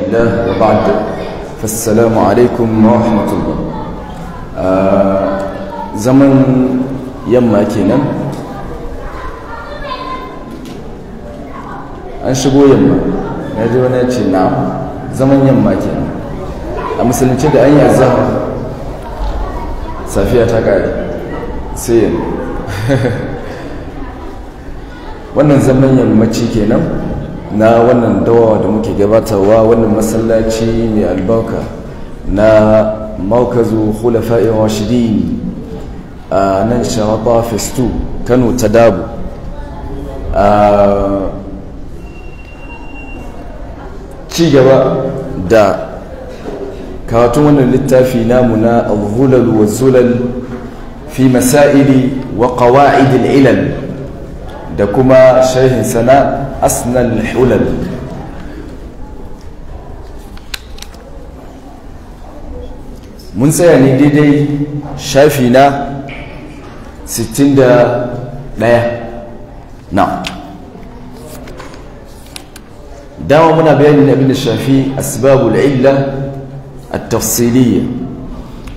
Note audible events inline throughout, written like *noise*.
الله وبعد فالسلام an shigo yamma zaman yamma kenan a musulunci da an yi azahar safiya ta kare sai *laughs* wannan zaman yammaci kenan na wannan dawa da muke gabatarwa wannan masallaci mai albarka na maukazu khulafa'in washidi a nan shawaba festu kano ta dabu ci gaba da karatun wannan littafi namu na alhular wa zulal fi masa'ili wa kawa'idin ilal da kuma sharhin sana أسنى الحلل mun tsaya ne daidai shafi na 61 na dama muna bayanin abin da shafi asibabu illa at-tafsiliyya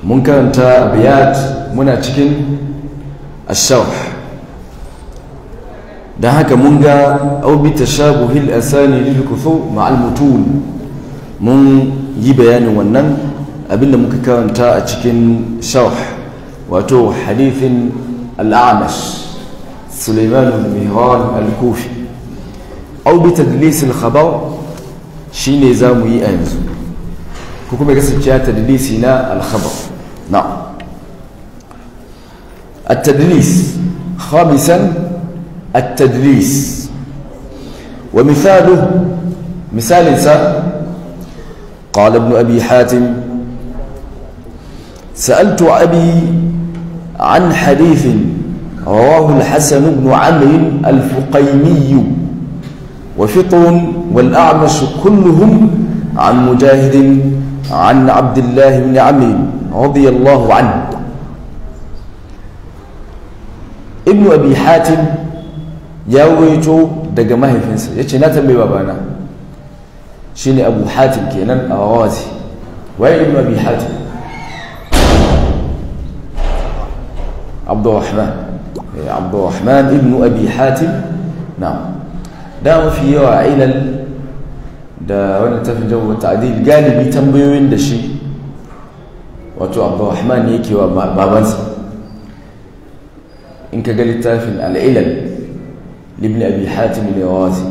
mun karanta biyat muna cikin ashawar. da haka mun ga aw bi tashabuhil asani lil kuthu ma'al mutun mun yi bayanin wannan abinda muka karanta a cikin sharh wato hadithin al-amash Sulaiman al-Mihran al-Kufi au bi tadlis al-khabar shine zamu yi a yanzu ko kuma kasance tadlisi na al-khabar na'am at-tadlis التدليس ومثاله مثال سهل قال ابن أبي حاتم سألت أبي عن حديث رواه الحسن بن عمرو الفقيمي وفطر والأعمش كلهم عن مجاهد عن عبد الله بن عمرو رضي الله عنه ابن أبي حاتم ya wato daga mahaifinsa ya ce na tambayi babana shi ne abu hatim kenan a wawazi waye ibn abi hatim abdurrahman eh, abdurrahman ibn abi hatim na da mafi yawa a ilal da wani tafi jawo adil galibi tambayoyin da shi wato abdurrahman yake wa babansa in ka ga littafin al'ilal libni abi hatim al-yawazi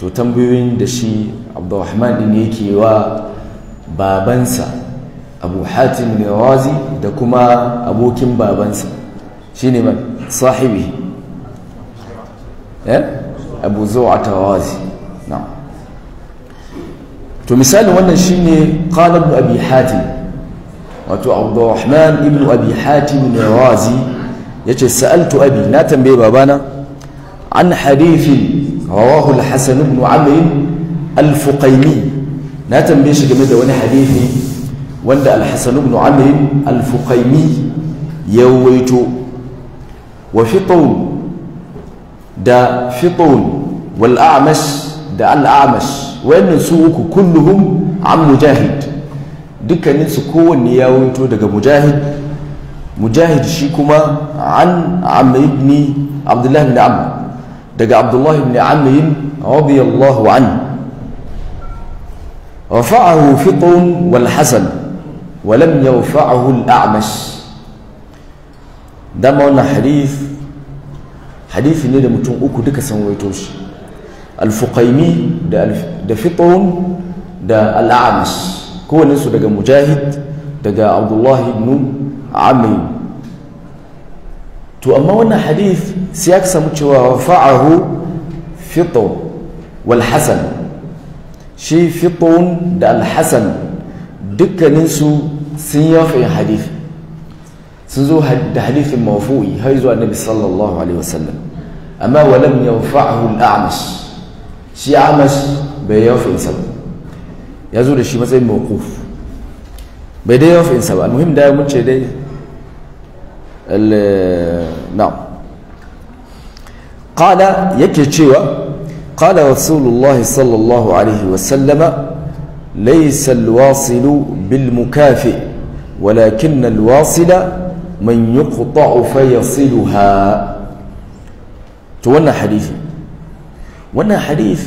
to tambayoyin da shi abdurrahman din yake wa babansa abu hatim al-yawazi da kuma abokin babansa shine man sahibi eh abu zu'at al-yawazi na'am to misalin wannan shine qala ibn abi hatim wato abdurrahman ibn abi hatim al-yawazi yace sa'altu abi na tambaye babana عن حديث رواه الحسن بن عمرو الفقيمي na tambaye shi game da wani hadithi wanda al-hasan ibn amr al ya waito wa fitun da fitun wal a'mash da al-a'mash wayannan su uku kulluhum an mujahid dukkanin su kowanne ya waito daga mujahid mujahid shi kuma an amr ibn abdullah ibn amr دقى عبد الله بن عمرو رضي الله عنه رفعه فطر والحسن ولم يرفعه الأعمش ده معنى حديث حديث إن ده متون أكو دكا سمويتوش الفقيمي ده فطر ده الأعمش كون نسو مجاهد دقى عبد الله بن عمرو to amma wannan hadith sai aka samu cewa fa'ahu fito wal hasan shi fito da alhassan dukkaninsu sun yi wafi'in hadith sun zo da hadithin mafu'i har zuwa nabi sallallahu alaihi wasallam amma walam ya fa'ahu al'amash shi amash bai yi wafi'insa ba ya zo da shi matsayin mawakuf bai dai yi wafi'insa ba almuhim da mun ce dai نعم قال يكيشيوا قال رسول الله صلى الله عليه وسلم ليس الواصل بالمكافئ ولكن الواصل من يقطع فيصلها تونا حديث ونا حديث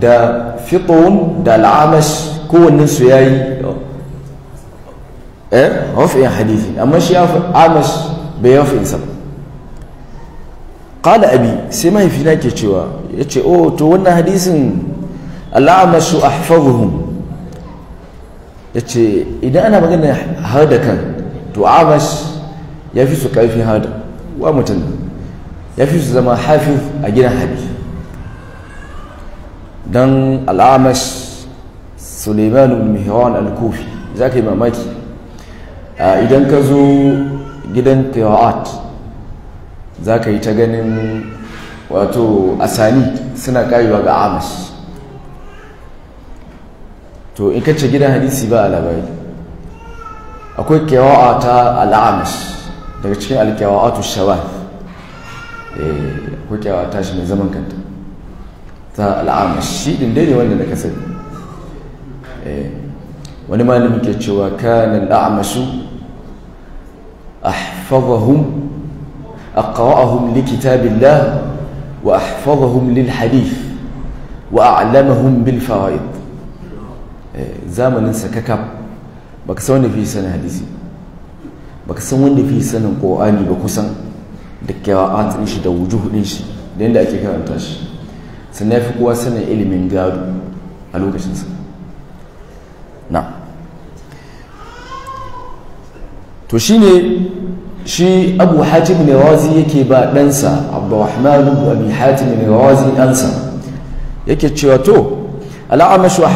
دا فطون دا العمش كون نسو ياي eh raf'in hadithi amma shi amash bai raf'in sa qala abi sai mahaifina ke cewa Ya ce oh to wannan hadisin al'amashu ahfazuhum ce idan ana magana har da kan to amash ya fi su karfin hada wa mutum ya fi su zama hafiz a gidan hadisi don al'amash suleiman mihran al-kufi za ka yi mamaki Ah, idan ka zo gidan tewa'at za ka yi ta ganin wato asani suna kayuwa ga amash to in kace gidan hadisi ba labari akwai kewa'a ta al'amash daga cikin alkewa'atu shawa eh, akwai kewa ta shi mai zaman kanta ta al'amash shi din dai ne wanda na kasar eh, wani malamin ke cewa kanin al'amashu أحفظهم أقرأهم لكتاب الله وأحفظهم للحديث وأعلمهم بالفرائض زمن سككب بكسون في سنة حديثي بكسون في سنة قرآني بكسن دكراءات نشي دا وجوه نشي لأن دا أكي كرانتاش سنة في قوة سنة إلي من قادو ألوكشن سنة نعم to ne shi abu hajji ne razi yake ba ɗansa abdurrahman ibn abu hajji ne razi ɗansa yake cewa to al'amash wa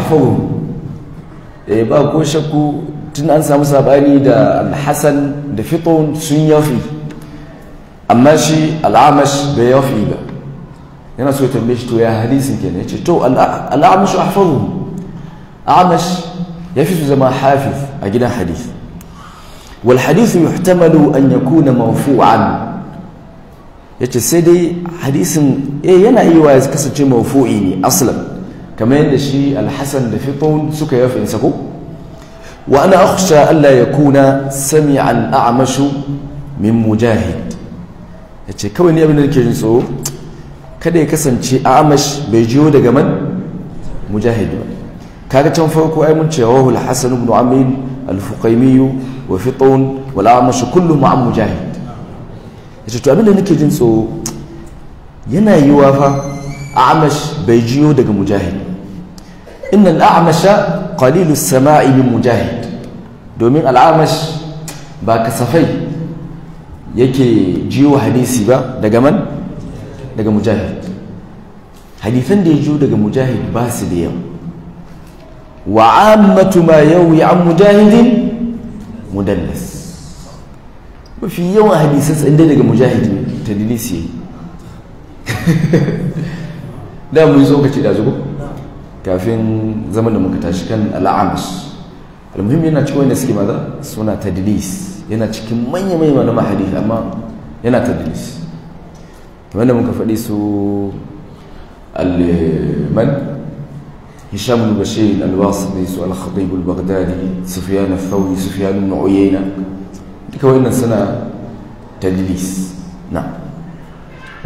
da ya eh, ba ko shakku tun an samu sabani da alhassan da fitun sun yafi amma shi al'amash bai yafi ba yana so tambaye shi to ya hadisin ya ce to al'amash wa hafawu a'mash fi su zama hafiz a gidan hadisi wal hadithu yuhtamalu an yakuna yace sai dai hadisin eh yana iya ya kasance mawfu'i ne aslan kamar yadda shi alhasan da fitun suka yafi insa ko wa ana akhsha an la yakuna sami'a al'amashu min mujahid yace kawai ne abin da nake jin so kada ya kasance a'mash bai jiyo daga man mujahid ba kaga can farko ai mun ce wahul hasan ibn amin al wa fitun wa kullum kullu ma'am mujahid yace to da nake jin tsoro yana yiwa fa a'amash bai jiyo daga mujahid innan al-a'masha qalilu samai min mujahid domin al ba kasafai yake jiyo hadisi ba daga man daga mujahid hadisan da ya jiyo daga mujahid ba su da yawa wa ammatu ma yawi an mujahidin mudallas mafi yawan hadisan tsinde daga mujahidi tadlisi yayi *laughs* da mun zo ce da zuwa kafin zaman da muka tashi kan al'amus almuhim yana cikin wanda suke maza suna tadlis yana cikin manya manya malama hadisi amma yana tadlis da muka faɗi su al هشام بن بشير الواسطي سؤال الخطيب البغدادي سفيان الثوري سفيان بن عيينة كوين سنة تدليس نعم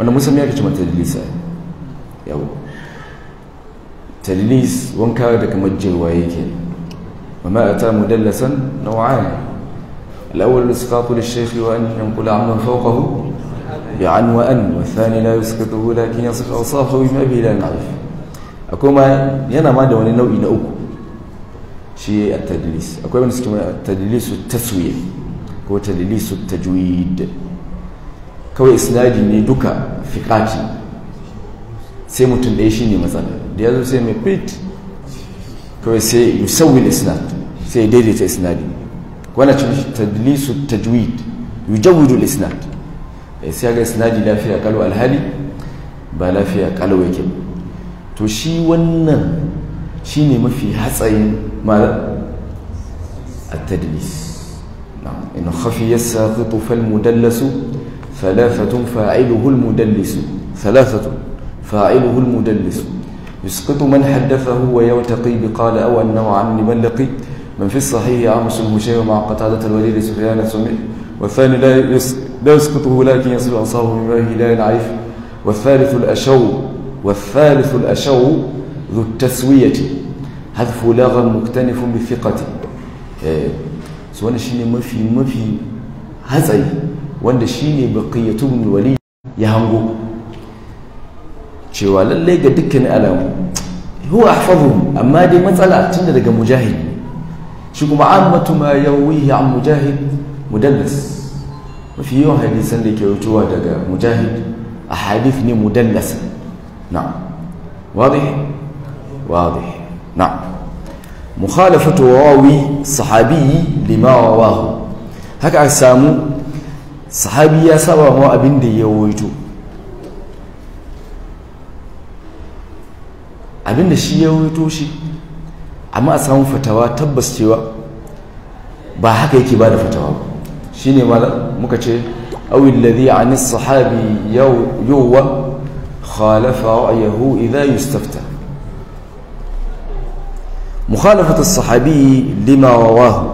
مسمي هذا كما تدليس هو تدليس وانكا دك مجل وايكين وما أتى مدلسا نوعان الأول الإسقاط للشيخ وأن ينقل عما فوقه بعن وأن والثاني لا يسقطه لكن يصف أوصافه بما به لا نعرف akwai ma yana ma da wani nau'i na uku shi a tadlis akwai wani suke mana tadlisu taswiya ko tadlisu tajwid kawai isnadi ne duka fiqati sai mutum ɗaya shi ne matsala da zo sai mai fit kawai sai yusawwil isnad sai daidaita isnadi wannan cikin tadlisu tajwid yi al-isnad eh, sai ga isnadi lafiya kalwa alhali ba lafiya kalwa yake ba to shi wannan shine mafi hatsayin malar التدليس نعم إن خفي الساقط فالمدلس ثلاثة فاعله المدلس ثلاثة فاعله المدلس يسقط من حدثه ويوتقي بقال أو أنه عن من لقي من في الصحيح عمس المشير مع قتادة الوليد سفيان سمع والثاني لا يسقطه لكن يصل أنصاره من ماله لا ينعرف والثالث الأشو والثالث الأشو ذو التسوية حذف لغة مكتنف بثقة سوانا شيني مفي مفي هزعي وانا شيني بقية بن الولي يهنغو cewa lallai ga dukkan alamu huwa ahfazuhum amma dai matsala tunda daga mujahid shi kuma ammatu ma yawihi an mujahid mudallas mafi yawan hadisan da ke wucewa daga mujahid a hadith mu dallas. نعم واضح واضح نعم sahabi راوي صحابي لما رواه هكا سامو صحابي يا سبا ما ya wuto shi amma a samun fatawa tabbas cewa ba haka yake ba da fatawa ba shi ne muka ce awil ladhi anis sahabi yawwa خالف رأيه إذا يستفتى مخالفة الصحابي لما رواه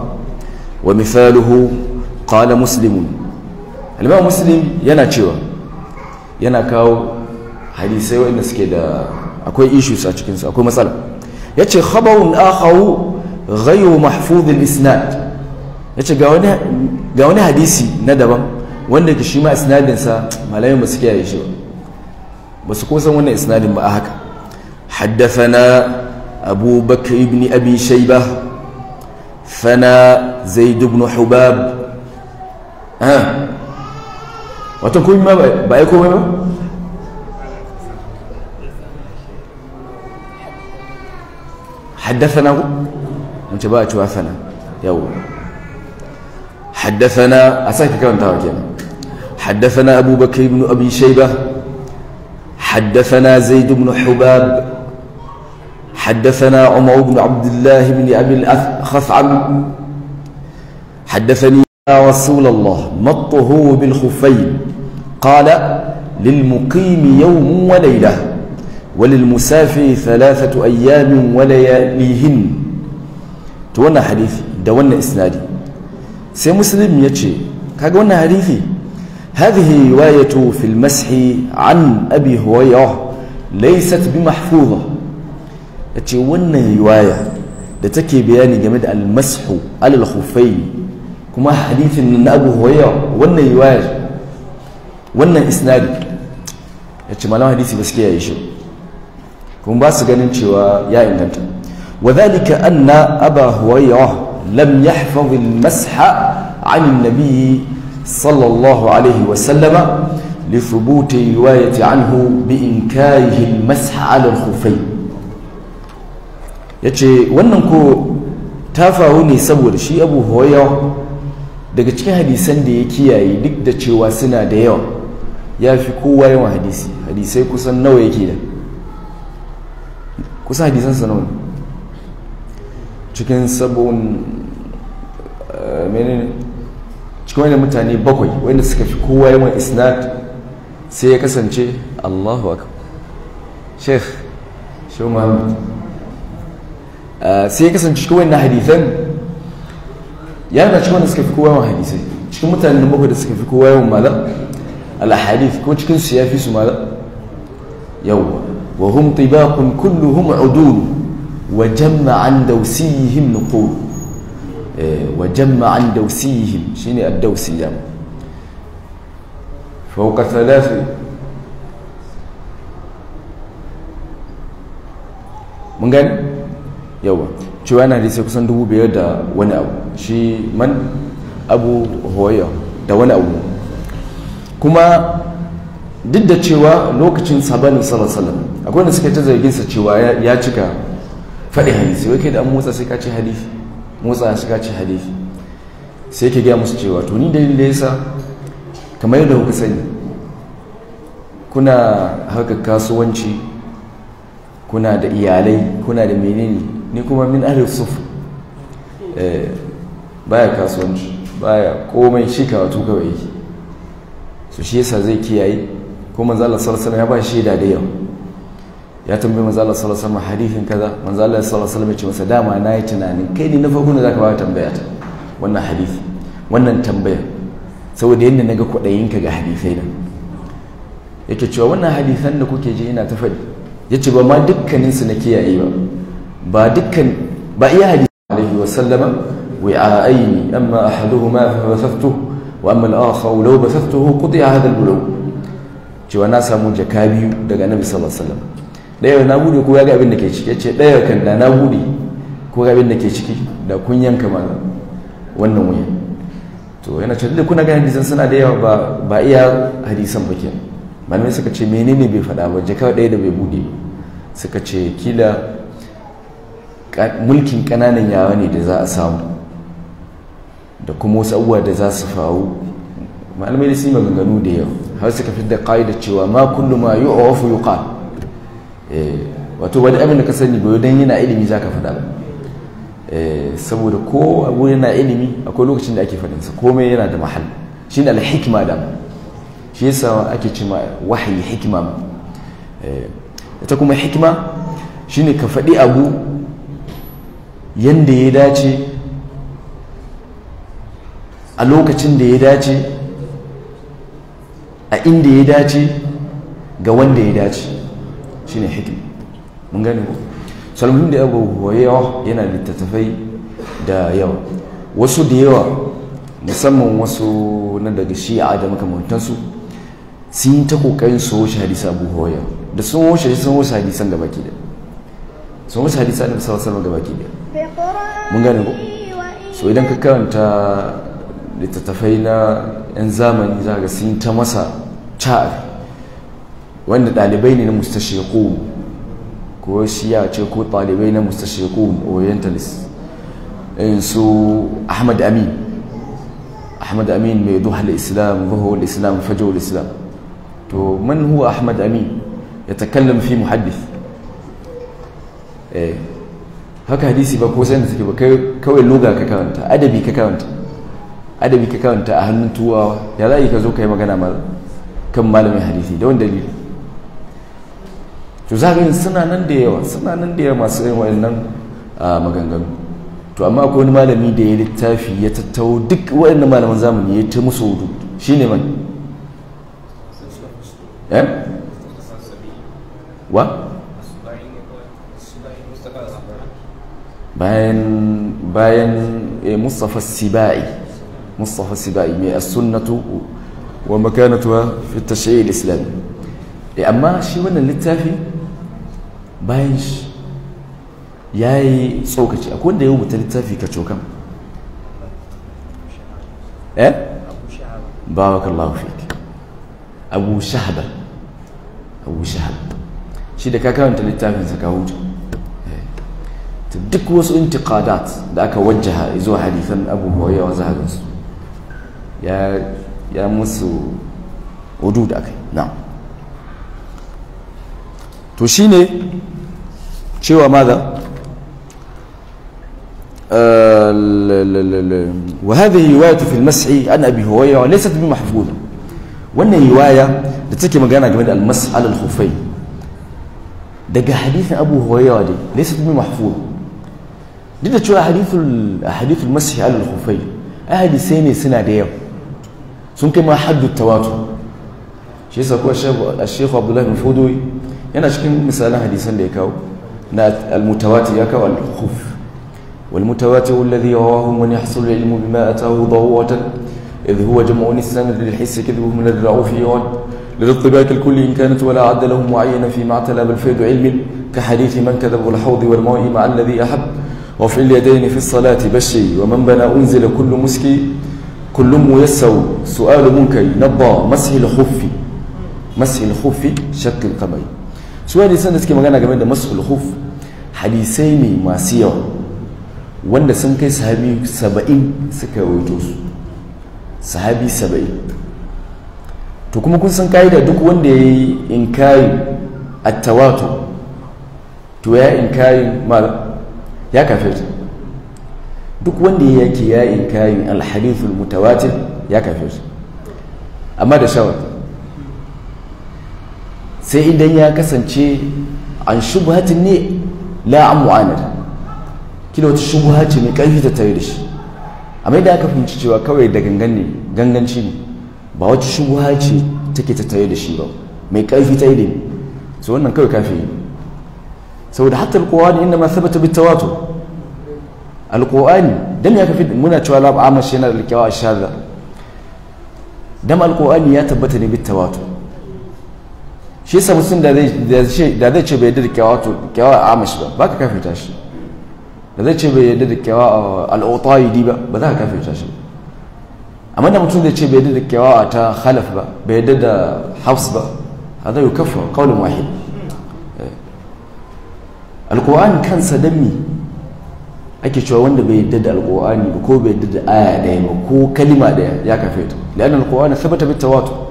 ومثاله قال مسلم الإمام مسلم ينا تشوى ينا كاو حديثة وإن سكيدا أكوي إيشو ساتشكين أكوي مسألة يتشي خبر آخر غير محفوظ الإسناد يتشي قاوني قاوني حديثي ندبا وإنك شيما إسنادنسا ملايين مسكيها يشوى ba su kusan wannan isnadin ba a haka haddathana abu bakr ibn abi shayba fana zaid ibn hubab wato kuma ba ai komai ba ba a بقى توافنا yau حدثنا اساك كان تاوكين حدثنا ابو بكر بن ابي شيبه حدثنا زيد بن حباب حدثنا عمر بن عبد الله بن أبي الأخفعم حدثني يا رسول الله ما الطهور بالخفين قال للمقيم يوم وليلة وللمسافر ثلاثة أيام ولياليهن تونا حديثي دونا إسنادي سي مسلم يتشي كاقونا حديثي هذه رواية في المسح عن أبي هريرة ليست بمحفوظة تيوانا رواية لتكي بياني جمد المسح على الخفين كما حديث أن أبو هريرة وانا رواية وانا إسناد تيوانا حديث بس كي يعيش كما باس قانين يا إنت وذلك أن أبا هريرة لم يحفظ المسح عن النبي صلى الله عليه وسلم لثبوت الرواية عنه بإنكاره المسح على الخفين yace wannan ko ta faru ne saboda shi abu hoya daga cikin hadisan da ya kiyaye duk da cewa suna da yawa ya fi kowa yawan hadisi hadisai kusan nawa yake da kusan hadisan sa nawa cikin sabon eh, menene cikin mutane bakwai wanda suka fi kowa yawan isnad sai ya kasance allahu akbar sheikh shehu muhammad ah, sai ya kasance cikin wani hadithan ya na cikin wanda suka fi kowa yawan hadisai cikin mutane bakwai da suka fi kowa yawan mala al-hadith ko cikin su ya fi su mala yawwa wa hum tibaqun kulluhum udul wa jamma an dawsihim nuqul Eh, wa jamma an dausihim shine ad-dausiyya fawqa thalathi mun gani yawa cewa yana da sai kusan dubu biyar da wani abu shi man abu hoya da wani abu kuma duk da cewa lokacin sabanin salasalam akwai wanda suka ta zargin sa cewa ya cika faɗi hadisi wai kai da an motsa sai ka ce hadisi motsa shiga ci hadisi sai ke gaya musu cewa to ni dalilin da yasa kamar yadda kuka sani kuna haka kasuwanci kuna da iyalai kuna da menene ni kuma min ahlul suf eh, baya kasuwanci baya komai shi to kawai yake shi yasa zai kiyaye kuma manzo sallallahu alaihi ya ba shi da da yau ya tambayi manzo Allah sallallahu alaihi wasallam hadisin kaza manzo Allah sallallahu alaihi wasallam ya ce masa dama na yi tunanin kai ne na farko ne zaka ba tambaya ta wannan hadisi wannan tambaya saboda yadda naga ka ga hadisai nan yake cewa wannan hadisan da kuke ji ina ta faɗi yace ba ma dukkanin su na kiyaye ba ba dukkan ba iya hadisi alaihi wasallama وعاءين wa amma al-akhar law basaftuhu بثثته قطع al البلو cewa na samu jaka biyu daga nabi sallallahu alaihi wasallam ɗaya na bude ko ya ga abin da ke ciki ce ɗaya kan da na bude ko ga abin da ke ciki da kun yanka ma wannan wuya to yana ce da kuna ganin dizan suna da yawa ba ba iya hadisan ba malamai suka ce menene bai faɗa ba kawai ɗaya da bai bude suka ce kila mulkin ƙananan yawa ne da za a samu da kuma wasu abubuwa da za su faru malamai da su yi maganganu da yawa har suka fi da ƙa'ida cewa ma kullum ma yu'afu yuƙa. Eh, wato wani abin da ka sani ba don yana ilimi za ka faɗa ba eh, saboda ko abu yana ilimi akwai lokacin da ake faɗinsa komai yana da mahal shi ne alhikima da shi yasa ake cima wahayi hikima eh, ita kuma hikima shi ne ka faɗi abu yadda ya dace a lokacin da ya dace a inda ya dace ga wanda ya dace shine hikima mun gani ko salmuhim da abu yawa yana littattafai da yawa wasu da yawa musamman wasu na daga shi'a da makamantansu sun yi ta kokarin su hoshe hadisa abu hoya da sun hoshe sun hoshe hadisan gaba baki da sun hoshe hadisa da musamman sama gaba da mun gane ko so idan ka karanta littattafai na 'yan zamani za ga sun ta masa ca'ar wanda ɗalibai ne na mustashiku ko ya ce ko ɗalibai na mustashiku orientalist in su ahmad amin ahmad amin mai duhal islam zuhur islam fajo islam to man huwa ahmad amin ya yatakallam fi muhaddith eh haka hadisi ba ko sai da take ba kawai loga ka karanta adabi ka karanta adabi ka kawanta a hannun tuwawa ya za ka zo ka yi magana kan malamin hadisi da wani dalili to za yi suna nan da yawa suna nan da yawa masu yin wayannan maganganu to amma akwai wani malami da ya littafi ya tattau duk wayannan malaman zamani ya ta musu hudu shine man ya eh? wa bayan bayan eh, Mustafa Sibai Mustafa Sibai mai as-sunnatu wa makanatuha fi at al-islami eh, amma shi wannan littafi bayan shi ya yi tsokaci akwai wanda ya rubuta littafi ka cokan eh barakallahu fik abu shahada abu shahada shi da kakawar ta littafin sa ka ta eh. duk wasu intiqadat da aka wajjaha zuwa hadisan abu hurairah wa zahabinsu ya musu wudu da aka yi na to shi ne شو ماذا آه، وهذه رواية في المسح عن أبي هريرة ليست بمحفوظة وأن رواية لتكي مجانا المسح على الخفين دقى حديث أبو هريرة دي ليست بمحفوظة جدا شو أحاديث أحاديث المسح على الخفين أهدي سنة سنة دير سنك ما حد التواتر شيء عبد الله بن فودوي أنا يعني أشكي مثلا حديثا ليكاو المتواتر كالخوف والمتواتر الذي رواه من يحصل العلم بما أتاه ضرورة إذ هو جمع نسان للحس من الرعوف يرد للاطباق الكل إن كانت ولا عد لهم معين فيما اعتلى بل فيض علم كحديث من كذب الحوض والماء مع الذي أحب وفي اليدين في الصلاة بشي ومن بنى أنزل كل مسكي كل ميسر سؤال منكي نبى مسح الخف مسح الخف شك القمي su wani sun da suke magana game da masu huf hadisai ne masu yawa wanda sun kai sahabi saba'in suka rawaito su sahabi saba'in to kuma kun san ka'ida duk wanda ya yi inkari tawato to ya inkari mal ya kafir duk wanda ya yake ya inkari alhadithul mutawatir ya kafir amma da shawar sai idan ya kasance an shubhatin ne la an mu'anad kila wata shubha ce mai karfi ta tare da shi amma idan aka fahimci cewa kawai da gangan ne ganganci ne ba wata shubha ce take ta tare da shi ba mai karfi ta ne su wannan kawai kafi saboda hatta alqur'ani inna ma thabata wato alkuwani don ya kafi muna cewa labu amash yana da a shadda don alkuwani ya tabbata ne wato. shi yasa mutum da zai ce bai yadda da kyawa to kyawa a amish ba ba ka ta shi da zai ce bai yadda da kyawa a al'utayidi ba ba za ka ta shi amma da mutum zai ce bai yadda da kyawa a ta halaf ba bai yadda da hafs ba hada yi kafa kaulin wahid eh. alkur'ani kansa don me ake cewa wanda bai yadda da alkur'ani ba ko bai yadda da aya daya ba ko kalima daya ya kafirta la'an alkur'ani sabata bi wato.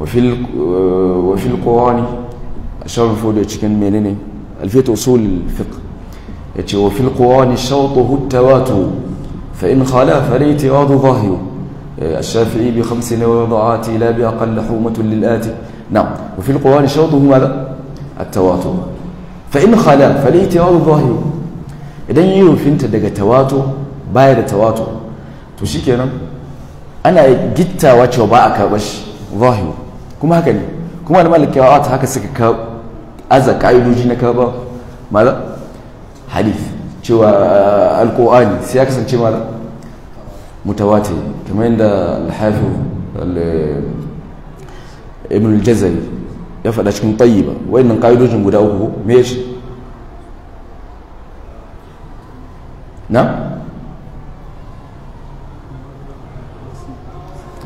وفي القرآن اشار فود تشكن منين الفيت اصول الفقه يتي وفي القران qur'ani التواتر فان خالف fa in khala الشافعي بخمس وضعات لا بأقل حومة للآتي نعم وفي القرآن شرطه ماذا التواتر فإن خلا فالاعتراض ظاهر إذن يوفنت دقى تواتر بايد تواتر تشيكنا أنا جيتا واتشو باعك باش ظاهر كم هكذا كم أنا مالك كواعات هكذا سك كاب أذا كايلو جينا كابا ماذا حديث شو آه، القرآن سياق سنتي ماذا متواتر كمان ده الحافظ ال ابن الجزري يفعل أشكال طيبة وإن قايلو جن قداوه ميش نعم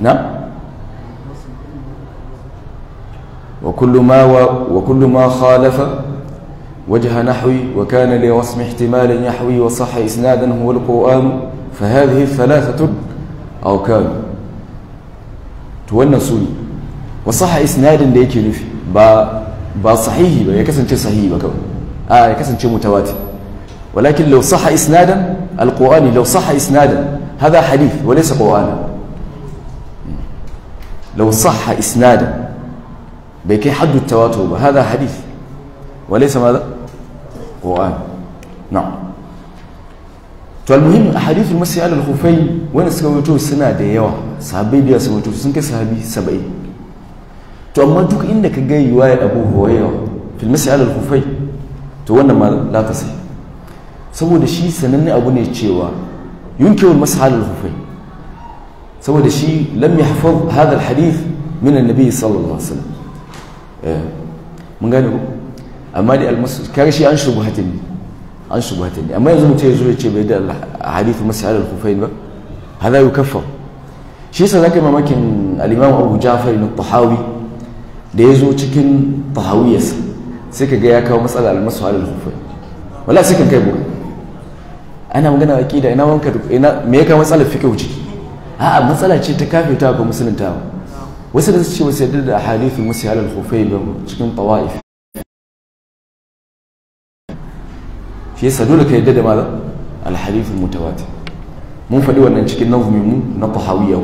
نعم وكل ما, و وكل ما خالف وجه نحوي وكان لوصم احتمال يحوي وصح إسنادا هو القرآن فهذه الثلاثة او كان سوني وصح إسنادا da yake nufi با ba sahihi ba ya صحيح sahihi اه يكسن a ولكن لو صح إسنادا القرآن لو صح إسنادا هذا حديث وليس قرآنا لو صح إسنادا bai kai haddu tawatur ba hada hadith wa laysa ma qur'an na'am to almuhim ahadith masu ala hufai wani suka wato suna da yawa sahabbai da su wato sun kai sahabi 70 to amma duk inda ka ga ya Abu Hurairah fil masih ala hufai to wannan ma la ta sai saboda shi sananne abu ne cewa yunkewar masu ala hufai. saboda shi lam yahfaz hadha alhadith min annabi sallallahu alaihi wasallam Eh, mun gane ku amma da almasu kare shi an shubu hatin ne an shubu hatin ne amma yanzu mutum ya zo ya ce bai da hadithu masu halar kufain ba hada yi kafa shi yasa zaka mamakin alimamu abu jafar na tahawi da ya zo cikin tahawiyarsa sai ka ga ya kawo matsala almasu halar kufain wala sai kan kai buga ana magana aqida ina wanka ina me ya kawo matsalar fiqh ciki a'a matsala ce ta ta ko musulunta ba وسد الشيء وسد الاحاديث المسيئه على الخفيبه تكون طوائف في سدول كيدد ماذا؟ الحديث المتواتر مو فدول ان تكون نظمي نطحويه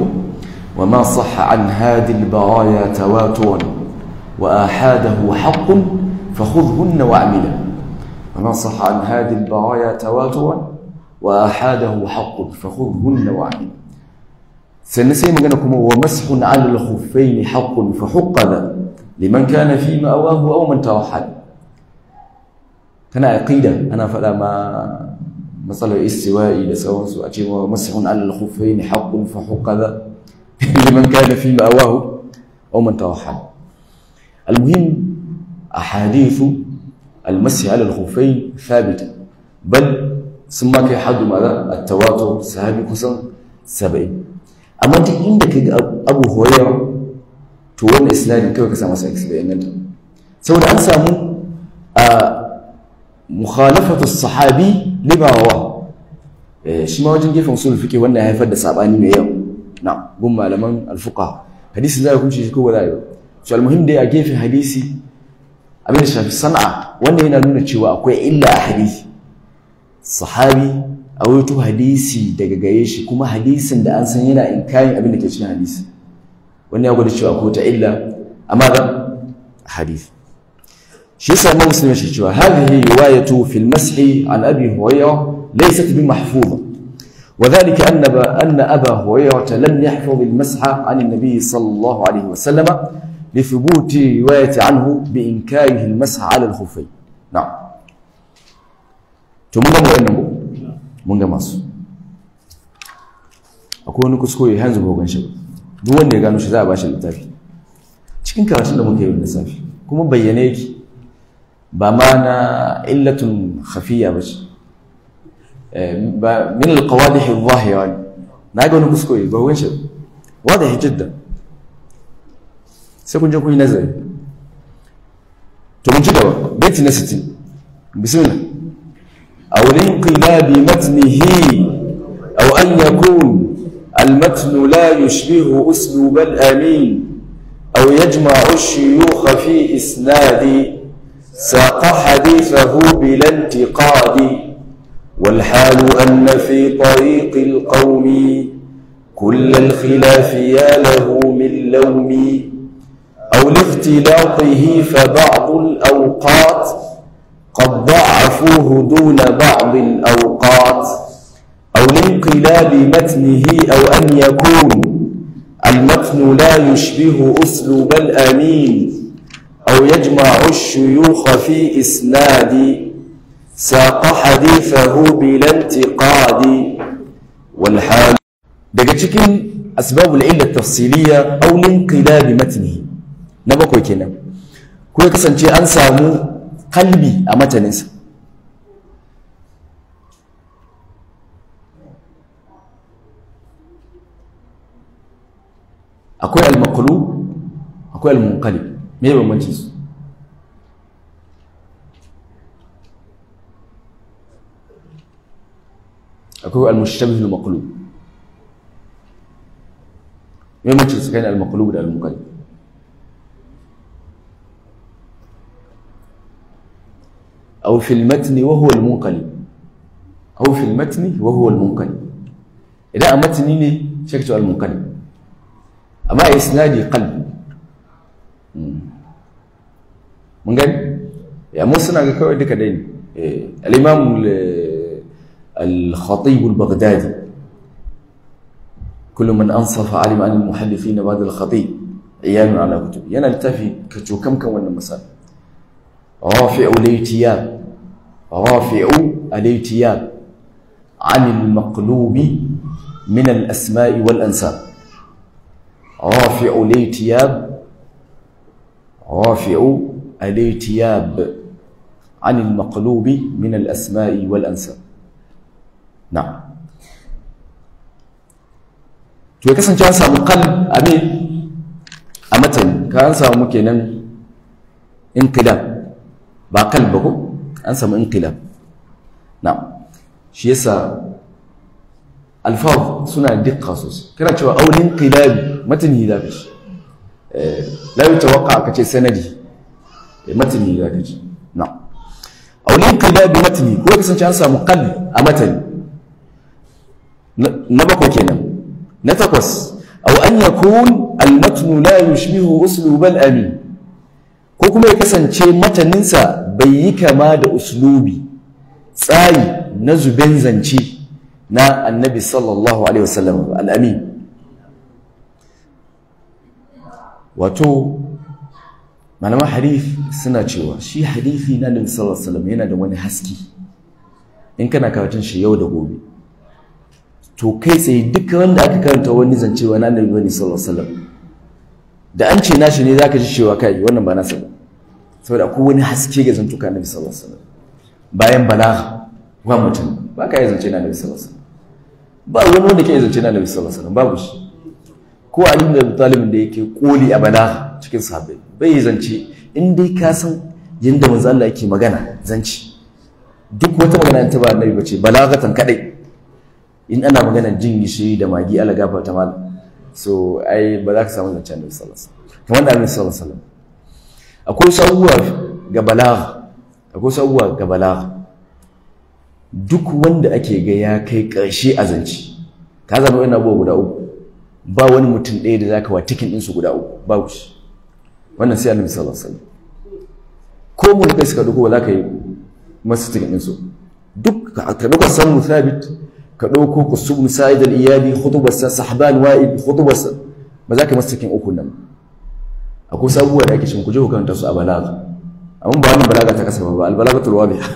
وما صح عن هذه البرايا تواترا واحاده حق فخذهن واعملا وما صح عن هذه البرايا تواترا واحاده حق فخذهن واعملا سنة سيما كما هو مسح على الخفين حق فحق ذا لمن كان في مأواه أو من توحد كان عقيدة أنا فلا ما مثلا استواء إلى سواء مسح على الخفين حق فحق ذا *laughs* لمن كان في مأواه أو من توحد المهم أحاديث المسح على الخفين ثابتة بل ثم كي حد ماذا التواتر سابق سبعين amma duk inda ka ga abu horewa to wani islami kawai ka samu sa inganta saboda an samu a mukhalafatu sahabi libawa, eh, shi ma wajen gefen usul ke wannan ya haifar da sabani mai yau na gun malaman alfuqa za zai kunce shi ko zai so almuhim dai a gefen hadisi abin da shafi sana'a wanda yana nuna cewa akwai illa a hadisi sahabi a hadisi daga gare shi kuma hadisin da an san yana in inkarin abin da ke cikin hadisi wannan ya gwada cewa ko ta illa amma ga hadisi shi yasa ma muslim shi cewa hadhihi riwayatu fil mashi an abi huwaya laysat bi mahfuza وذلك أن أن أبا هريرة لم يحفظ المسح عن النبي صلى الله عليه وسلم لثبوت رواية عنه بإنكاره المسح على الخفين نعم تمنى مؤمن mun gama su akwai wani kuskure yanzu ba shi duk wanda ya gano shi za a bashi littafi cikin karatun da muka yi wani safi. kuma bayyane yake ba ma na illatun hafiya ba ce eh, ba min alqawadih hewa ne na ga wani kuskure ba wani shi wadahi da sai kun je kun yi nazari to mun ci gaba baiti na sitin bismillah أو لانقلاب متنه أو أن يكون المتن لا يشبه أسلوب الأمين أو يجمع الشيوخ في إسناد ساق حديثه بلا انتقاد والحال أن في طريق القوم كل الخلاف يا له من لوم أو لاختلاطه فبعض الأوقات قد ضعفوه دون بعض الأوقات أو لانقلاب متنه أو أن يكون المتن لا يشبه أسلوب الأمين أو يجمع الشيوخ في إسناد ساق حديثه بلا انتقاد والحال daga أسباب العلة التفصيلية أو لانقلاب متنه نبقى كنا na bakwai أنسى ko kalbi a mataninsa akwai almakulu akwai almunkali me bambancin su akwai almushtabihul makulu me bambancin su kai almaqlub da almunkali أو في المتن وهو المنقلب أو في المتن وهو المنقلب إذا متني شكت المنقلب أما إسنادي قلب من قال يا موسى أنا كوي ديك دين إيه. الإمام الخطيب البغدادي كل من أنصف علم عن المحدثين بعد الخطيب عيان على كتب أنا كتب كم كم وانا رافع الاتيان رافع الاتيان عن المقلوب من الأسماء والأنساب رافع الاتياب رافع الاتياب عن المقلوب من الأسماء والأنساب نعم to ya kasance an samu kal amin a matan ka an samu kenan inqilab ba kalba ko an samu inqilab na'am shi yasa alfaz suna dikka sosai kana cewa aw inqilab qilabi yi da eh la yutawaqqa ce sanadi matani yi kashi na'am aw inqilab matani ko kasance an samu qal a matani na bako kenan na takwas aw an yakun المتن لا يشبه أسلوب الأمين ko kuma ya kasance mataninsa bai yi kama da uslubi tsari na zuben zance na annabi sallallahu alaihi wasallam al'amin wato malama harif suna cewa shi harifi na annabi sallallahu alaihi wasallam yana da wani haski. in kana karatun shi yau da gobe to kai tsaye duka wanda aka karanta wani zancewa na annabi sallallahu alaihi wasallam da an ce nashi ne zaka ji cewa kai wannan ba nasa ba saboda akwai wani haske ga zantuka na bisa alaihi bayan balaga wa mutum ba ka yi zance na bisa sallallahu ba wani wanda ke zance na bisa sallallahu babu shi ko a inda talibin da yake koli a balaga cikin sabbi bai yi zance in dai ka san yadda manzo Allah yake magana zance duk wata magana ta ba annabi bace balagatan kadai in ana maganar jin gishiri da magi Allah gafarta malam so ai ba za ka samu zancen annabi sallallahu alaihi wasallam kamar da annabi sallallahu alaihi wasallam akwai sabuwa ga balagha akwai sabuwa ga balagha duk wanda ake ga ya kai ƙarshe a zance ka zama yana abubuwa guda uku ba wani mutum ɗaya da zaka wa tikin ɗinsu guda uku ba ku shi wannan sai annabi sallallahu alaihi wasallam ko mun da kai suka duko ba za ka yi masu tikin ɗinsu duk ka duka samu sabit ka ɗauko kusubun sa'id al-iyadi khutubarsa sahban wa'id khutubarsa ba za ka masa cikin uku nan akwai sabuwa da ake shi ku je ku su a balaga amma ba wannan balaga ta kasa ba al-balagatul wadiha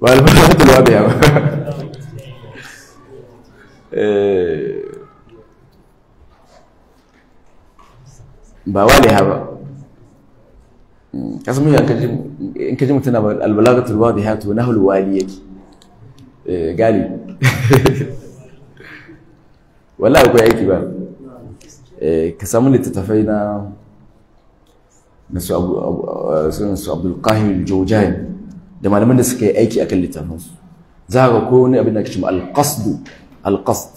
ba al-balagatul wadiha ba eh, ba wadiha ba كاسم يا كجم إن كجمت تنا البلاغة الواضحة ونحو الوالية إيه، قالي ولا أكو أي كبار كاسم اللي تتفينا نسو أبو أبو نسو عبد القاهر الجوجاني ده معلمان ده سكي كي أكل لتنهوس زهر كون أبنا كشم القصد القصد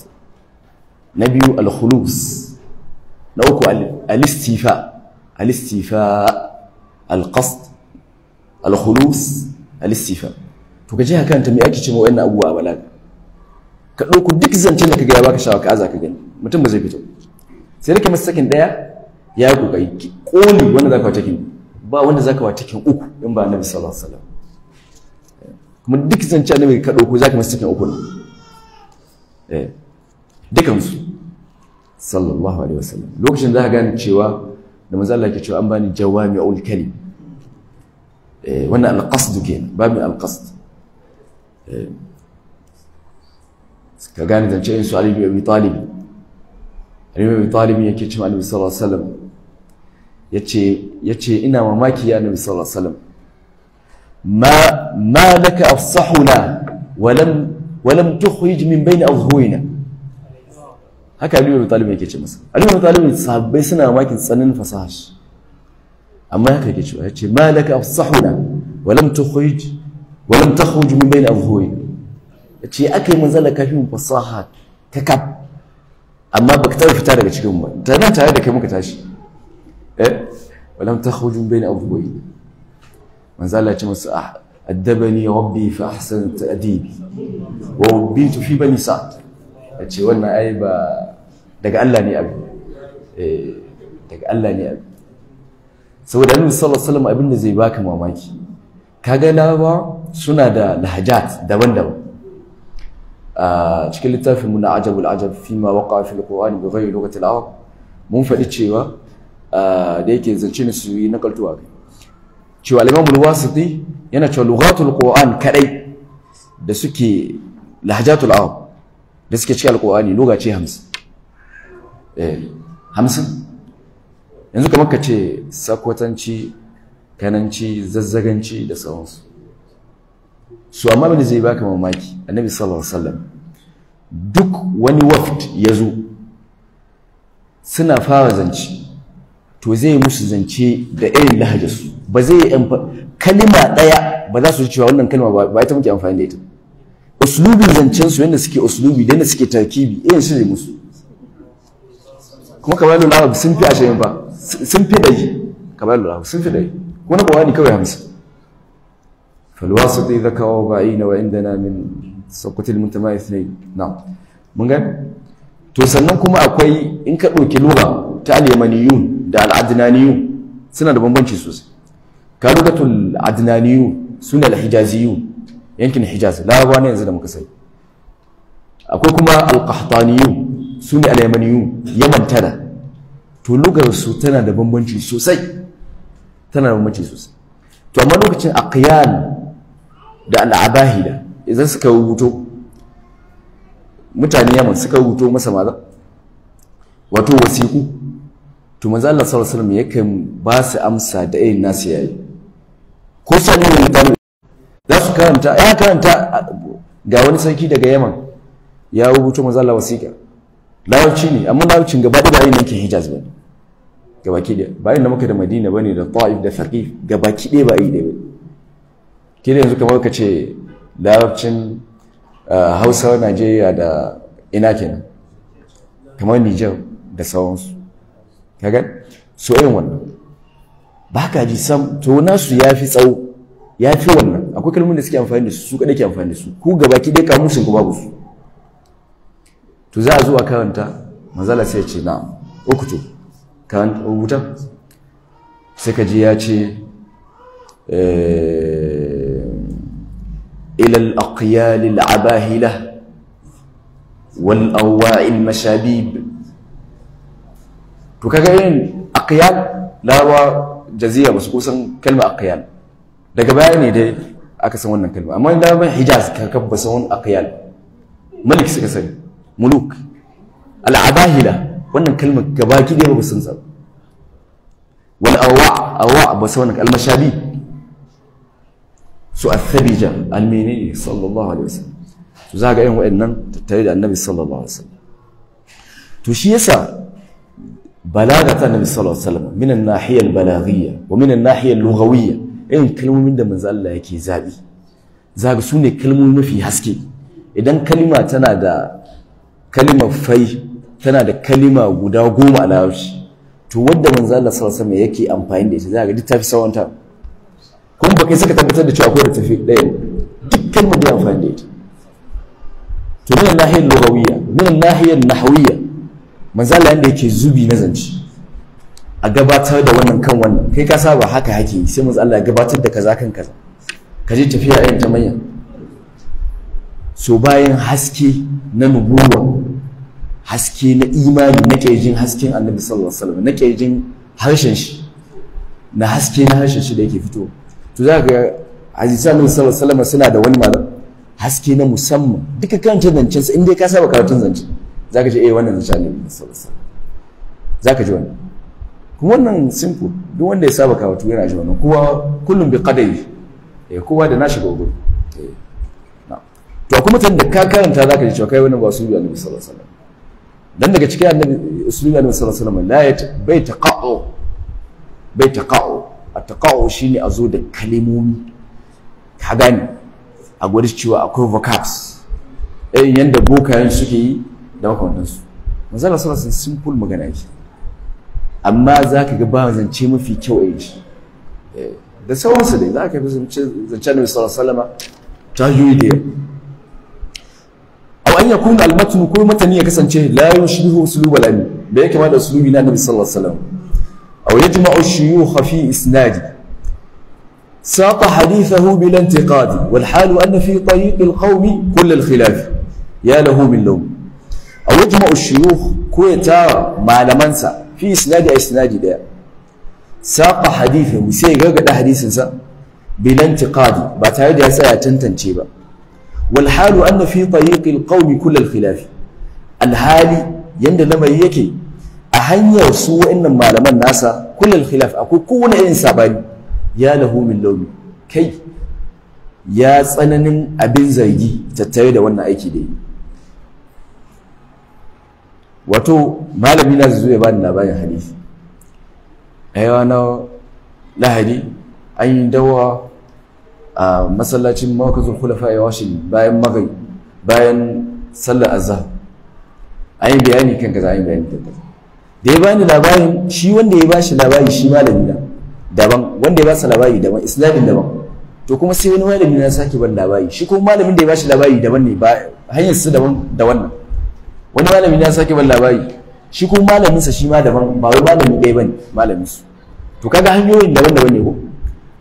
نبي الخلوص نوكو الاستيفاء الاستيفاء القصد الخلوص alistifa to ka je haka ta me ake cewa wayannan abubuwa a balaga ka ɗauko duk zance da ka ga ya baka shawa ka aza ka gani mutum ba zai fito sai rike masa sakin daya ya yi kokari koli wanda zaka wata takin ba wanda zaka wata kin uku in ba annabi sallallahu alaihi wasallam kuma duk zancen annabi ka ɗauko zaka masa sakin uku ne eh dukansu sallallahu alaihi wasallam lokacin za ka gane cewa da manzo Allah ke cewa an bani jawami'ul kalim إيه، وانا القصد كين بابي القصد إيه. كان اذا شيء سؤال ابي طالب علي يعني ابي طالب يا كيتش مع النبي صلى الله عليه وسلم يا تشي يا تشي انا ماك يا النبي صلى الله عليه وسلم ما ما لك افصحنا ولم ولم تخرج من بين اظهرنا هكا علي ابي طالب يا كيتش مثلا علي ابي طالب صاحب بس انا ماك تسنن فصاحش amma haka yake cewa yace malaka afsahuna wa lam tukhrij wa lam takhruj min bayn azhurin yace akai manzala kafin fasaha ta kaf amma baka taba fita daga cikin ba ta nan tare da kai muka tashi eh wa lam takhruj min bayn azhurin manzala ce musu ah, addabani rabbi fa ahsan ta'dibi wa wabbitu fi bani sa'd yace wannan ai ba daga Allah ne abu eh daga Allah ne abu saboda annabi sallallahu alaihi wasallam abinda zai baka mamaki kaga lawa suna da lahajat daban-daban a cikin littafin mu na ajabul ajab fi ma waqa fi alqur'ani bi ghayri lughati al-arab mun faɗi cewa da yake zance ne su yi nakaltu a kai cewa al-imam al-wasiti yana cewa lughatul qur'an kadai da suke lahajatul arab da suke cikin alqur'ani lugace 50 eh 50 yanzu kamar ka ce sakwatanci kananci zazzaganci da sauransu su amma bane zai baka mamaki annabi sallallahu alaihi wasallam duk wani waft ya zo suna fara zance to zai musu zance da irin lahajarsu ba zai yi kalima ɗaya ba za su cewa wannan kalima ba ita muke amfani da ita uslubin zancensu yadda suke uslubi da yadda suke tarkibi irin su ne musu kuma kamalul arab sun fi ashirin ba sun fi ɗari kamalul arab sun fi ɗari ko na ƙwani kawai hamsin falwasiti zakawa ba'ina wa indana min sakutil mutama ithnain na mun gani to sannan kuma akwai in ka ɗauki lura ta al da al-adnaniyun suna da bambanci sosai ka lugatul adnaniyun suna al-hijaziyun yankin hijaz larabawa ne yanzu da muka sai akwai kuma al-qahtaniyun su ne alyamaniyu yaman tana to lugarsu tana da bambanci sosai tana da bambanci sosai to amma lokacin a kayan da al'abahida idan suka rubuto mutane yaman suka rubuto masa maza wato wasiku to manzo Allah sallallahu alaihi wasallam yakan ba su amsa da irin nasu yayi ko sani ne za su karanta ya karanta ga wani sarki daga yaman ya rubuto manzo Allah wasiƙa larabci ne amma larabcin gaba da bayan yankin hijaz ba gabaki ɗaya bayan da muka da madina ba ne da ta'if da thaqif gabaki ɗaya ba yi ɗaya ba ke yanzu kamar ka ce larabcin ah, hausa najeriya da ina kenan kamar nijar da sauransu kaga so irin wannan ba ka ji sam to nasu ya fi tsawo ya fi wannan akwai kalmomin da suke amfani da su su kaɗai ke amfani da su ku gabaki ɗaya kamusin ku babu su to za a zuwa karanta manzala sai ce na ukutu karanta rubuta sai ka ji ya ce eh, ilal aqyal al abahila wal awwa' al mashabib to kaga yin aqyal lawa jaziya masu kusan kalma aqyal daga baya ne dai aka san wannan kalma amma da ban hijaz ka kabbasa wani aqyal malik suka sani muluk al'abahila wannan kalmar gabaki ɗaya ba san sa wani awa awa ba sa wani almashabi su athabija almenene sallallahu alaihi wasallam to za ga irin waɗannan tattare da annabi sallallahu alaihi wasallam to shi yasa balaga ta annabi sallallahu alaihi wasallam min an-nahiyya balaghiyya wa min an-nahiyya lughawiyya irin kalmomin da manzo Allah yake zabi zaga su ne kalmomi mafi haske idan kalma tana da kalimar fai tana da kalima guda goma a larabci to wadda manzo Allah sallallahu alaihi yake amfani da ita za ga duk tafi sawanta kuma ba kai saka tabbatar da cewa akwai da tafi ɗaya duk kalmar da amfani da ita to min nahiyar lugawiyya min nahiyar nahawiyya manzo Allah yanda yake zubi na zance a gabatar da wannan kan wannan kai ka saba haka hake sai manzo Allah ya gabatar da kaza kan kaza ka je tafiya irin ta manyan so bayan haske na nubuwa haske na imani na jin hasken annabi sallallahu alaihi wasallam na jin harshen shi na haske na harshen shi da yake fito to za ga hadisan annabi sallallahu alaihi wasallam suna da wani malam haske na musamman duka kan zancen sa in dai ka saba karatun zance zaka ji eh wannan zancen annabi sallallahu alaihi wasallam zaka ji wannan kuma wannan simple duk wanda ya saba karatu yana ji wannan kowa kullum bi qadari eh kowa da nashi gobe akwai mutane da ka karanta zaka ji cewa kai wannan ba usulubi annabi sallallahu alaihi wasallam dan daga cikin annabi usulubi annabi sallallahu alaihi wasallam la ya bai taqa'u bai taqa'u at-taqa'u shine a zo da kalimomi ka gane a gwada cewa akwai vocabs eh yanda bokayen suke yi da su manzala sallallahu alaihi wasallam simple magana yake amma za ka ga ba zance mafi kyau a yi eh, da sauransu dai za ka fi zance da sallallahu alaihi wasallam ta yi da او ان يكون المتن كل متن يكسنچه لا يشبه اسلوب الامي بها كما ده اسلوب النبي صلى الله عليه وسلم او يجمع الشيوخ في إسناد ساق حديثه بلا انتقاد والحال ان في طريق القوم كل الخلاف يا له من لوم او يجمع الشيوخ كويتا مع لمنسى في اسناد اسناد ده ساق حديثه مسيغا حديثه بلا انتقاد با تاريخ يا سا wal halu anna fi tariqil qaumi Alhali, al khilaf yanda lamari yake a hanyar su wa'annan malaman nasa kull al akwai kowane irin sabani ya lahu min lawmi kai ya tsananin abin zargi tattare da wannan aiki da wato malami na zuwa ba da labarin hadisi a yawa lahadi an yi dawa a masallacin mawakazul khulafa ya washe bayan magai bayan sallar azhar an yi bayani kan gaza, an yi bayani kan da ya bani labarin shi wanda ya bashi labari shi malami na daban wanda ya ba sa labari daban islamin daban to kuma sai wani malami na sake ban labari shi kuma malamin da ya bashi labari daban ne ba hanyar su daban da wannan wani malami na sake ban labari shi kuma malaminsa shi ma daban ba wai malamin ɗaya bane malamin su to kaga hanyoyin daban-daban ne ko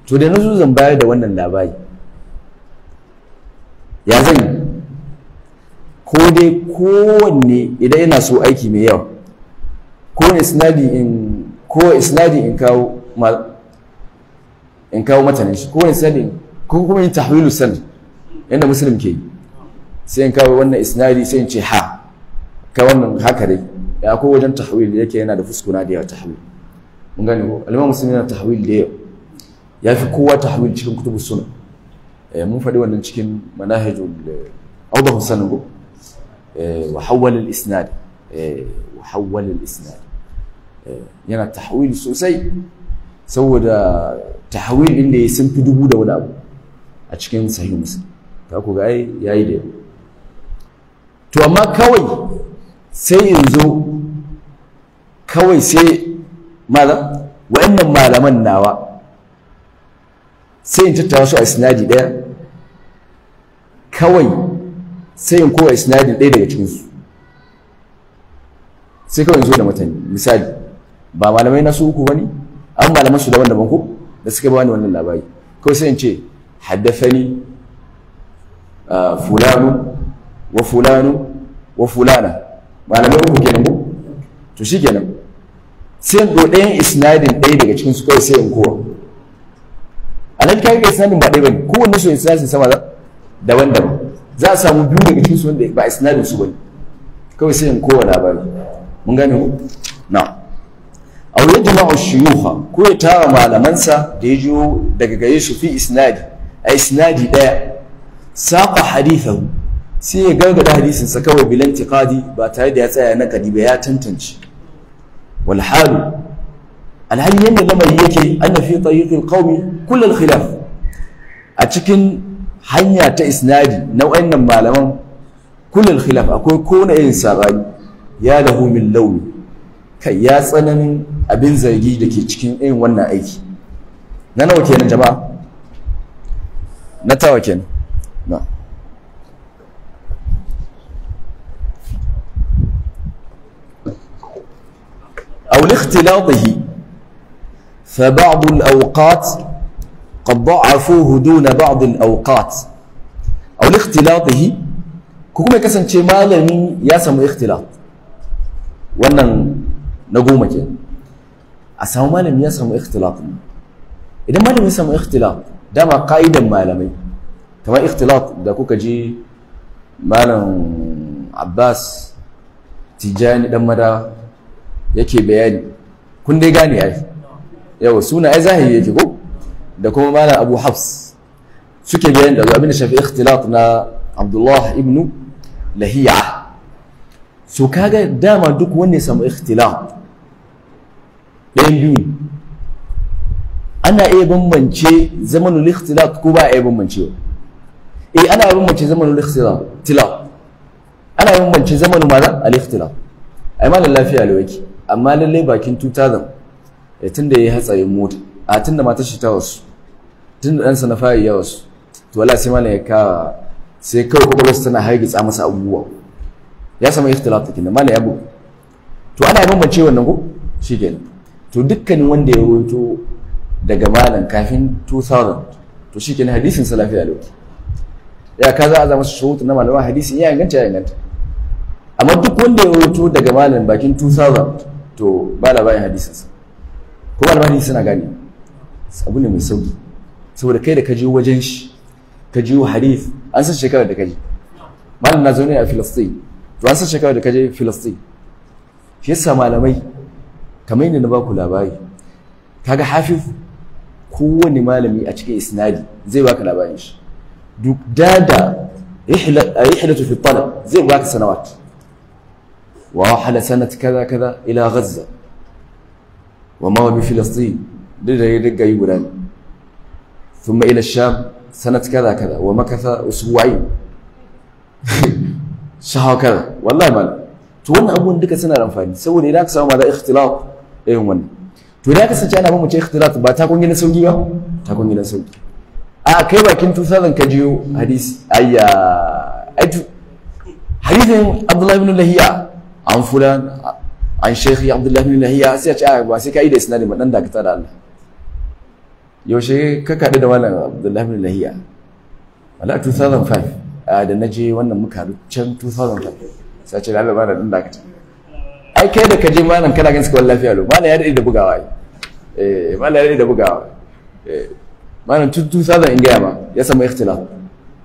to da na zan bayar da wannan labari ya zan yi ko dai kowanne idan yana so aiki mai yawa kowane sinadi in ko isnadi in kawo in kawo matanin shi kowane isnadi ko kuma yin tahwilu san yadda musulun ke yi sai in kawo wannan isnadi sai in ce ha ka wannan haka dai ya ko wajen tahwil yake yana da fuskuna da yawa tahwil mun gane ko al'amman musulmi yana tahwil da yawa ya fi kowa tahwil cikin kutubu suna eh, mun faɗi wannan cikin manahajul eh, auba sanin go eh, wa hawwal al isnad wa hawwal isnad yana tahwil sosai saboda tahwil din da ya sun fi dubu da wani abu a cikin sahih muslim ta ku ga ai yayi da to amma kawai sai in zo kawai sai malam wa'annan malaman nawa sai in tattara su a sinadi ɗaya kawai sai in kowa sinadi ɗaya daga cikinsu sai kawai in zo da matani misali ba malamai na su uku wani an malaman su daban-daban ko da suka bani wannan labari kawai sai in ce haddafani fulano wa fulanu wa fulana malamai uku kenan ko to shi kenan sai in ɗayan isnadin ɗaya daga cikin su kawai sai in kowa kai kai sanin ba dai bane kowanne su sai sama daban-daban za a samu biyu daga cikin su wanda ba isnadin su bane kawai sai in kowa labari mun gane ku na aw yajma'u shuyuha ko ya tara malamansa da ya jiyo daga gare su fi isnadi a isnadi daya saqa hadithahu sai ya gargada hadisinsa kawai bilan tiqadi ba tare da ya tsaya na kadi ba ya tantance wal halu alhali yadda lamari yake anna fi tariqil kawai kullum khilaf a cikin hanya ta isnadi na wayannan malaman kullum khilaf akwai kone irin sabani ya da min launi kai ya tsananin abin zargi da ke cikin yin wannan aiki na nawa kenan jama'a na tawa kenan na aw فبعض الأوقات قد ضعفوه دون بعض الأوقات أو لاختلاطه كوكما كسن شمالني ياسم اختلاط wannan na goma ke a samu malami ya samu ikhtilaf idan malami ya samu ikhtilaf dama ka'idan malamai kamar ikhtilaf da kuka je malam abbas tijjani dan mada yake bayani kun dai yawa suna ai zahiri mm. yake ko da kuma malam abu hafs suke bayan da abin da shafi ikhtilat na abdullah ibn lahiya so kaga dama duk wanda ya samu ikhtilat ɗayan biyu ana iya bambance zamanin ikhtilat ko ba a iya bambance eh ana iya bambance zamanin ikhtilat ana iya bambance zamanin malam al ikhtilat ai malam lafiya lawaki amma lallai bakin 2000 Eh, tun da ya yi hatsarin mota a tun da shi ta wasu tun da ɗansa na fari ya wasu to wala sai mana ya kawo sai kawai su tana hargitsa masa abubuwa ya samu fitila ta kenan mana ya bu to ana bambance wannan ko shi kenan to dukkanin wanda ya rawaito daga malam kafin 2000 to shi kenan hadisin salafi a lau ya ka za a zama shahutu na malaman hadisin? ya inganta ya inganta amma duk wanda ya rawaito daga malam bakin 2000 to ba labarin hadisinsa ko almajiri suna gane abu ne mai sauki saboda kai da ka je wajen shi ka je hadith an san shekarar da ka je malam na zaune a filastin to an san shekarar da ka je filastin shi yasa malamai kamar yadda na ba ku labari kaga hafiz kowane malami a cikin isnadi zai baka labarin shi duk dada rihlatu fi talab zai baka sanawat wa hala sanat kaza kaza ila ghazza wa ma bi filastin duk da ya dinga yi guda ne thumma ila sham sanat kada. kaza wa makatha usbu'i *laughs* shahawa kaza wallahi malam to wani abubuwan duka suna da amfani saboda idan aka samu ma za ikhtilaf irin wannan to idan aka sace ana mamu ce ikhtilaf ba ta kungi sauki ba ta kungi sauki a kai bakin 2000 ka jiyo hadisi ayya hadisin Abdullahi ibn Lahiya an fulan an shekhi abdullahi bin nahiya sai a ce a ba sai ka yi da isnadi ma dan dakata da Allah yaushe ka kaɗu da malam abdullahi bin nahiya wala 2005 da na je wannan muka can 2005 sai a ce da ba da dan dakata ai kai da ka je malam kana ganin suka lafiya lo malam ya daɗe da bugawa eh malam ya daɗe da bugawa eh malam tun 2000 in gaya ma ya samu ikhtilaf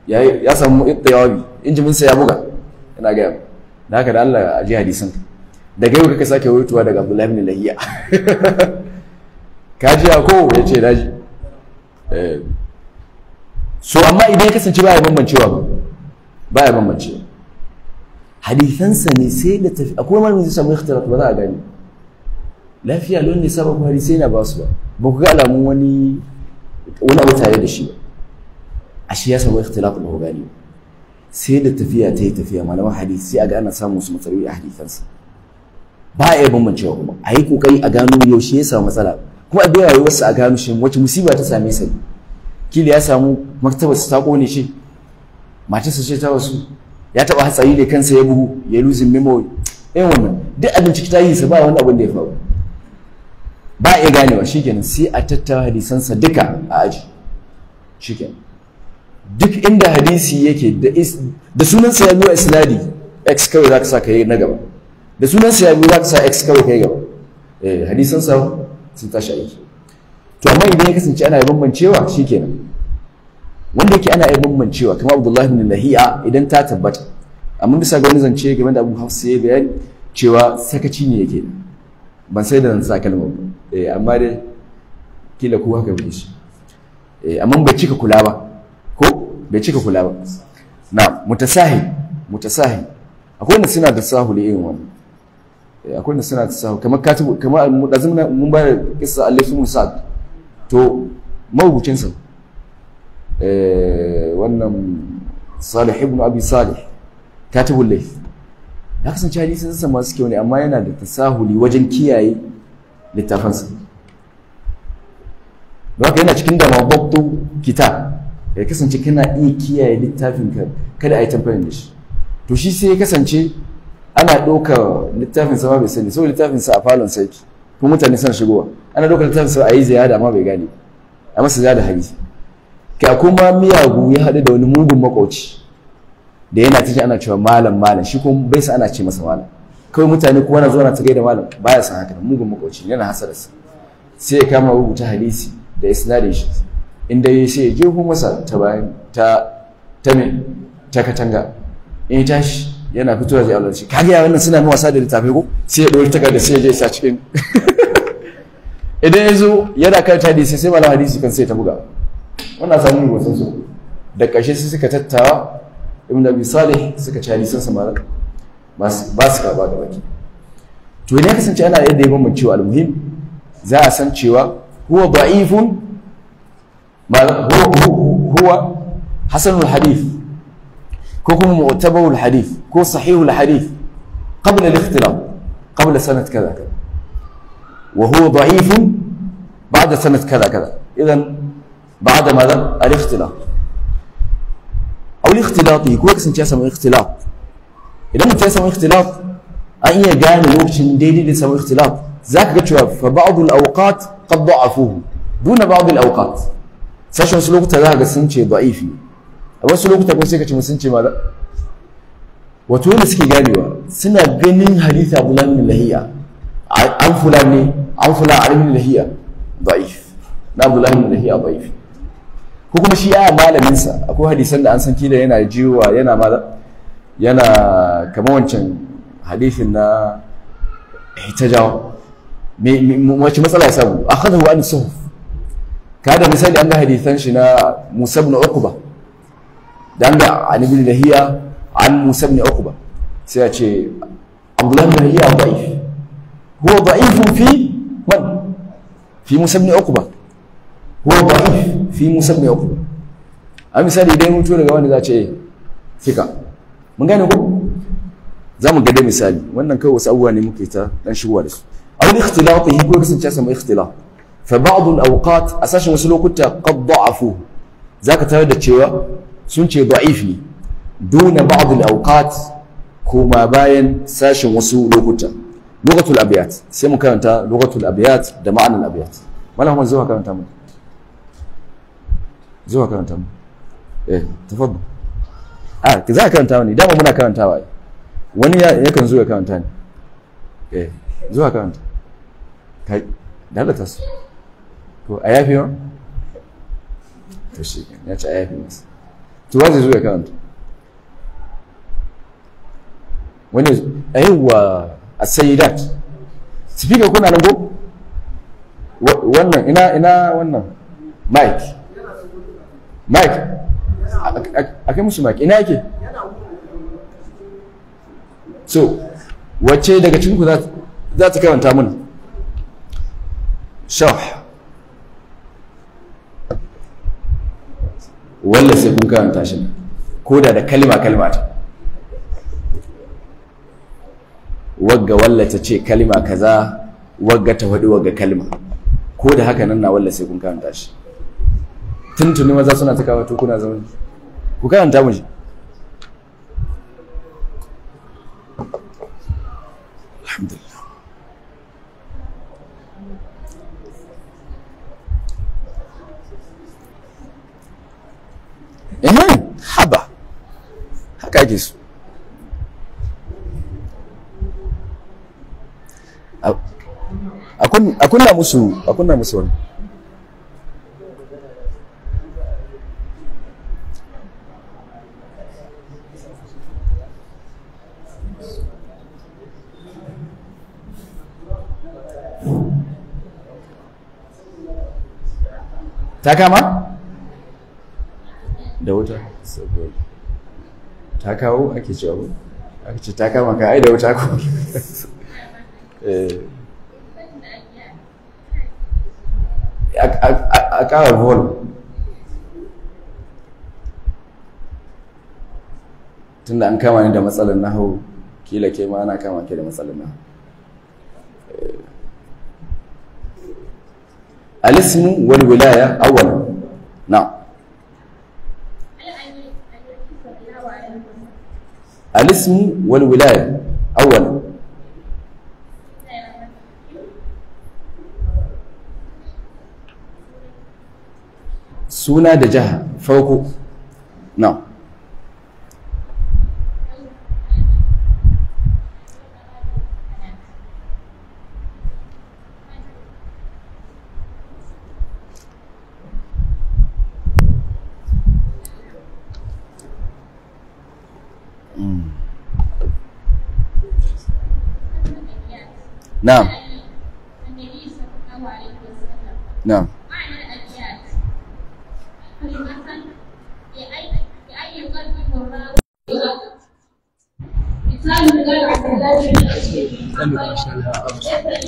ya samu ittiyabi injimin sa ya buga ina gaya ma da haka da Allah a ji hadisin ka daga yau kaka sake wutuwa daga Abdullahi ibn Lahiya ka ji ko ya ce daji eh. so amma idan ya kasance baya bambancewa ba baya bambancewa hadisansa ne sai da tafi akwai malamin zai samu ikhtilat ba za a gani lafiya lon ne sabon hadisai na ba su ba ba ku ga alamun wani wani abu tare da shi ba shi ya samu ikhtilat ba ku gani sai da tafiya ta yi tafiya malaman hadisi sai a ga ana samun su matsaloli a hadisansa ba a iya bambancewa kuma a yi kokari a gano yaushe ya samu matsala kuma a biya wasu a gano shi wacce musiba ta same sa kila ya samu martabar ta kone shi matarsa ce ta wasu ya taba hatsari ne kansa ya bugu ya losing memory irin wannan duk abin ciki ta yi sa ba wani abin da ya faru ba a iya ganewa shikenan sai a tattara hadisansa duka a aji shikenan duk inda hadisi yake da sunansa ya nuna isnadi x kawai za ka sa ka yi na gaba da sunan sa ya biyu za ka sa x kawai kai gaba eh hadisan sa sun tashi aiki to amma idan ya kasance ana yi bambancewa shikenan wanda yake ana yi bambancewa kamar Abdullahi bin Lahiya idan ta tabbata amma bisa ga wani zance game da Abu Hafs ya bayani cewa sakaci ne yake ban sai da nan sa kalmar ba eh amma dai kila ko haka yake shi eh amma bai cika kula ba ko bai cika kula ba na mutasahi mutasahi akwai wanda suna da sahuli irin wannan akwai da suna ta kamar katibu kamar na mun ba da alif alifin sa to marubucin sa eh, wannan salih ibn abi salih katibu laif ya kasance sun sa masu kyau ne amma yana da tasahuli wajen kiyaye sa don haka yana cikin da mababtu kita ya kasance kana iya kiyaye littafin ka kada a yi tamfayin da shi to shi sai ya kasance ana ɗaukar littafin sa ma bai sani saboda littafin sa a falon sarki kuma mutane suna shigowa ana ɗaukar littafin sa a yi ziyara ma bai gane a masa ziyara hari ka kuma miyagu ya haɗu da wani mugun makwauci da yana cikin ana cewa malam malam shi kuma bai sa ana ce masa malam kawai mutane kuma na zo na tagai da malam baya san haka mugun makwauci yana hasararsa sai ya kama rubuta hadisi da isnadin shi inda dai sai ya je kuma masa ta bayan ta ta me ta katanga in ya tashi yana fitowa zai aure shi kaga wannan suna mai wasa da littafi ko sai ya dauki takarda sai ya je sa cikin *laughs* idan ya zo yana karanta hadisi sai malam hadisi kan sai ta buga wannan samun rubutun su da ƙarshe sai suka tattawa ibn abi salih suka ci hadisan sa malam ba su karba da baki to ne kasance ana yadda ya bambam cewa almuhim za a san cewa huwa da'ifun huwa hasanul hadith كوكو مؤتبر الحديث كو صحيح الحديث قبل الاختلاط قبل سنة كذا كذا وهو ضعيف بعد سنة كذا كذا إذا بعد ماذا؟ الاختلاط أو الاختلاط يكون أحسن تسمى اختلاط إذا ما تسمى اختلاط أي قال الوقت الديني اللي يسمى اختلاط ذاك قد فبعض الأوقات قد ضعفوه دون بعض الأوقات ساشو سلوك تلاقى سنتي ضعيفي wasu lokuta kuma sai ka ci musulunci ma wato wanda suke ganewa suna ganin haditha abu lahiya an fula ne an fula a lamin lahiya ba'if na bulamin lahiya ba'if ko kuma shi ya malaminsa akwai hadisan da an san kila yana jiwa yana mala yana kamar wancan hadithin na hitajawa Mace matsala ya samu akhadahu an suhuf kada misali an ga hadithan shi na musa ibn uqba dan da an da lahiya an musa ibn uqba sai ya ce abdullah ibn lahiya da'if huwa da'ifun fi man fi musa ibn uqba huwa da'if fi musa ibn uqba a misali idan mutu daga wanda za ce eh, fika mun gane ko za mu gade misali wannan kawai wasu abubuwa ne muke ta dan shigowa da su awul ikhtilatihi ko kasance sama ikhtilat fa ba'd al awqat asashin wasu lokuta qad da'afu zaka tare da cewa sun ce da'if ne duna ba'dul awqat kuma bayan sashin wasu lokuta lokacin abiyat sai mu karanta lokacin abiyat da ma'anar abiyat malam Ahmad zuwa karanta mu zuwa karanta mu eh tafaddal a ah, za ka karanta ne dama muna karantawa wani yakan zo ya karanta ne eh zuwa karanta kai dalata su to a yafi ma to shi ya ci a yafi masa to zai zo ya karanta wani aiwa a sayidat speaker kuna nan ko wannan ina ina wannan mike mike a kai musu mike ina yake so wacce daga cikinku za ta karanta mun sharh walla sai kun karanta shi ko da da kalma kalma ta wagga walla ta ce kalma kaza wagga ta faɗi wagga kalma ko da haka nan na walla sai kun karanta shi tuntuni maza suna ta kawo kuna zama ku karanta mu shi alhamdulillah eh haba haka yake su a kunna musu a kunna musu wani ta kama? da wuta saboda ta kawo ake cewa aka ce ta kama ka ai da wuta ko eh. a kawo tun da an kama ni da matsalar na hau kila ke ma ana kama ke da matsalar na nahu wani wilaya أولا na الاسم والولاية أولا سونا دجها فوق نعم نعم النبي صلى الله عليه وسلم نعم معنى الأبيات قلب مثال قال عبد الله بن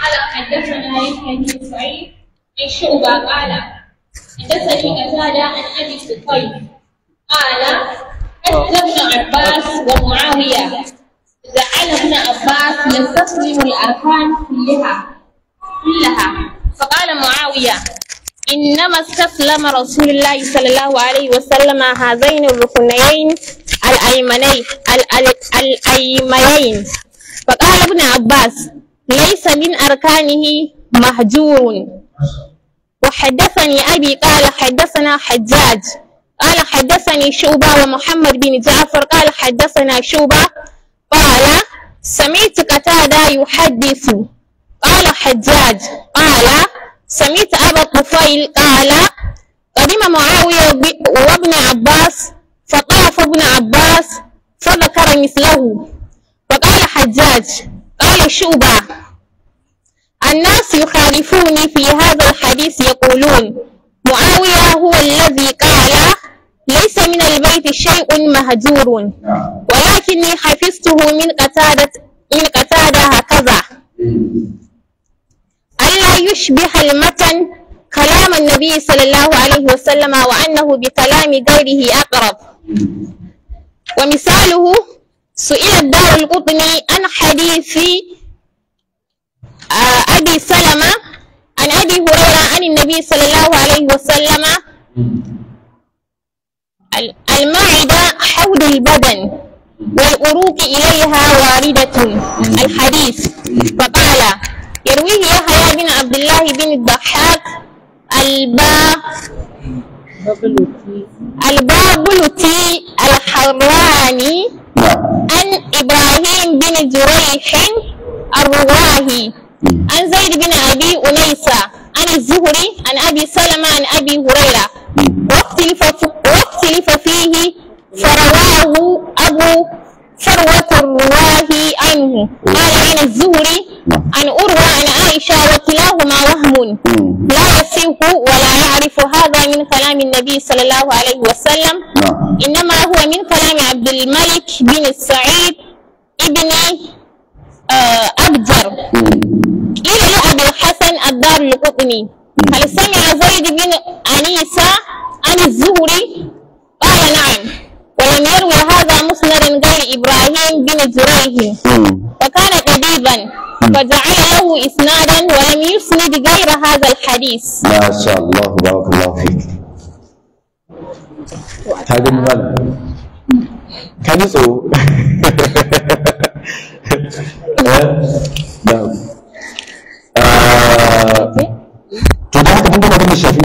قال حدثنا يحيى بن سعيد عن شعبة قال حدثني قتادة عن أبي قال حدثنا عباس ومعاوية جعل ابن عباس يستسلم الأركان كلها كلها فقال معاوية إنما استسلم رسول الله صلى الله عليه وسلم هذين الركنين الأيمنين الأيمنين فقال ابن عباس ليس من أركانه مهجور وحدثني أبي قال حدثنا حجاج قال حدثني شوبة ومحمد بن جعفر قال حدثنا شوبة قال سمعت قتادة يحدث قال حجاج قال سمعت أبا الطفيل قال قدم معاوية وابن عباس فطاف ابن عباس فذكر مثله وقال حجاج قال شوبة الناس يخالفوني في هذا الحديث يقولون معاوية هو الذي قال ليس من البيت شيء مهجور ولكني حفظته من قتادة من قتادة هكذا ألا يشبه المتن كلام النبي صلى الله عليه وسلم وأنه بكلام غيره أقرب ومثاله سئل الدار القطني عن حديث آه، أبي سلمة عن أبي هريرة عن النبي صلى الله عليه وسلم حول البدن والعروق إليها واردة الحديث فقال يرويه يحيى بن عبد الله بن الضحاك الباب لتي الحراني عن إبراهيم بن جريح الرواهي عن زيد بن أبي انيس عن الزهري عن أبي سلمة عن أبي هريرة واختلف, واختلف فيه فرواه أبو فروة الرواه عنه قال عن الزهري نعم. عن أروى عن عائشة وكلاهما وهم لا يسيق ولا يعرف هذا من كلام النبي صلى الله عليه وسلم نعم. إنما هو من كلام عبد الملك بن السعيد ابن آه، أبجر إلى أبي الحسن الدار القطني هل سمع زيد بن أنيسة عن الزهري قال نعم ولم يروي هذا مسند غير إبراهيم بن زريه وكان قريبا فجعل له إسنادا ولم يسند غير هذا الحديث ما شاء الله بارك الله فيك هذا المال كان يسوء نعم to da haka kun gama ganin shafi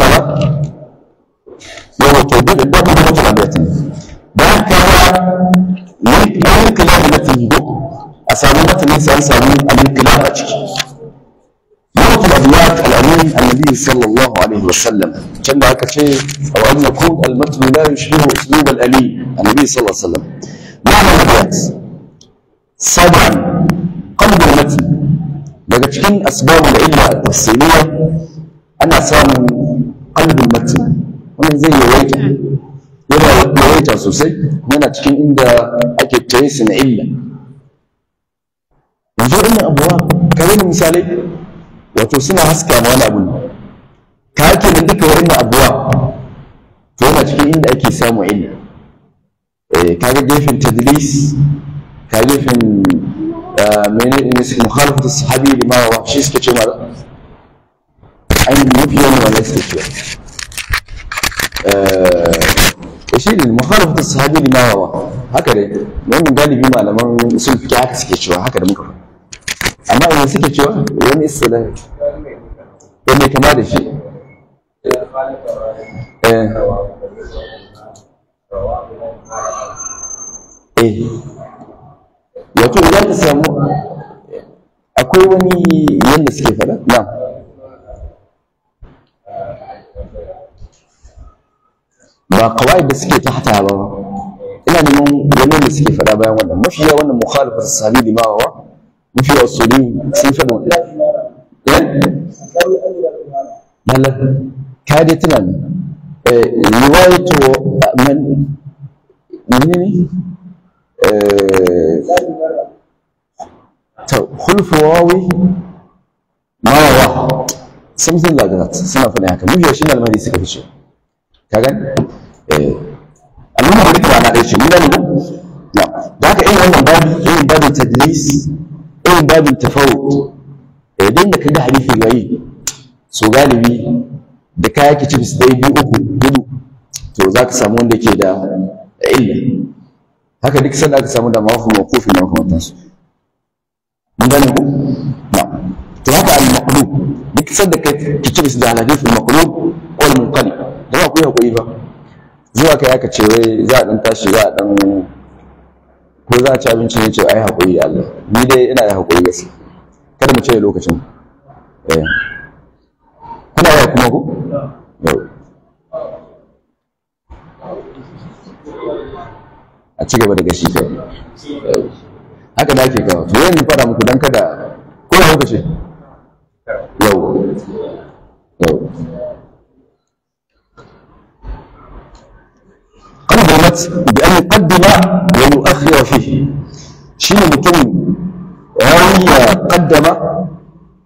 صلى الله عليه وسلم كان ذلك شيء او ان يكون المتن لا يشبه اسلوب الأليم النبي صلى الله عليه وسلم معنى الابيات سابعا قلب المتن لذلك كان اسباب العله التفصيلية انا أسامي قلب المتن ومن زي ويجب ta sosai yana cikin inda ake tracing illa yanzu wannan abuwa kare misalai wato suna haska ma wani abu ne Ka ake nan duka wannan abuwa to yana cikin inda ake samu illa eh, ka ga gefen tadlis ka gefen ah, mene ne su mukhalafatu sahabi limawa wa shi suke ce mara? an mafi yawan wani suke cewa eh, to shi ne muhalafatu sahabi lima haka dai wannan galibi malaman sun fi haka suke cewa haka da muka fa amma wani suke cewa wani istilah eh, ya mai kama da shi eh eh wato ta ka samu akwai wani yadda suke faɗa na بقواي بسكي تحت على بابا إلا نمون يلو مسكي فلا بيان وانا مش يا وانا مخالفة الصحابي لما هو مش يا وصولين سنفن وانا لا لا كادي تلان إيه، رواية من من تو إيه؟ طيب، خلف واوي ما هو something like that سنفن يا كم مش يا شنو المهدي سكفيش كذا Eh, amma ba duka ma'ana ɗaya ce mun gane ba da haka irin wannan babu irin babin tadlis irin babin tafawut idan eh, da kaga hadisi gari so galibi da kaya ki ci bisu ɗaya biyu uku hudu to za ka samu wanda ke da illa haka duk sanda aka samu da mafi makofi na makamantan su mun gane ku na to haka al maqlub duk sanda ka ki ci bisu da hadisi maqlub wal munqalib da ba ku yi hakuri ba zuwa kai aka ce wai za a dan tashi za a dan ko za a ci abinci ne ce ai hakuri da Allah ni dai ina da hakuri su kada mu ce lokacin eh kuna ya kuma ku a ci gaba da gashi kai haka da ake kawo to yanzu fara muku dan kada ko lokaci yau yau الوقت بأن يقدم ويؤخر فيه شين متن هيا قدم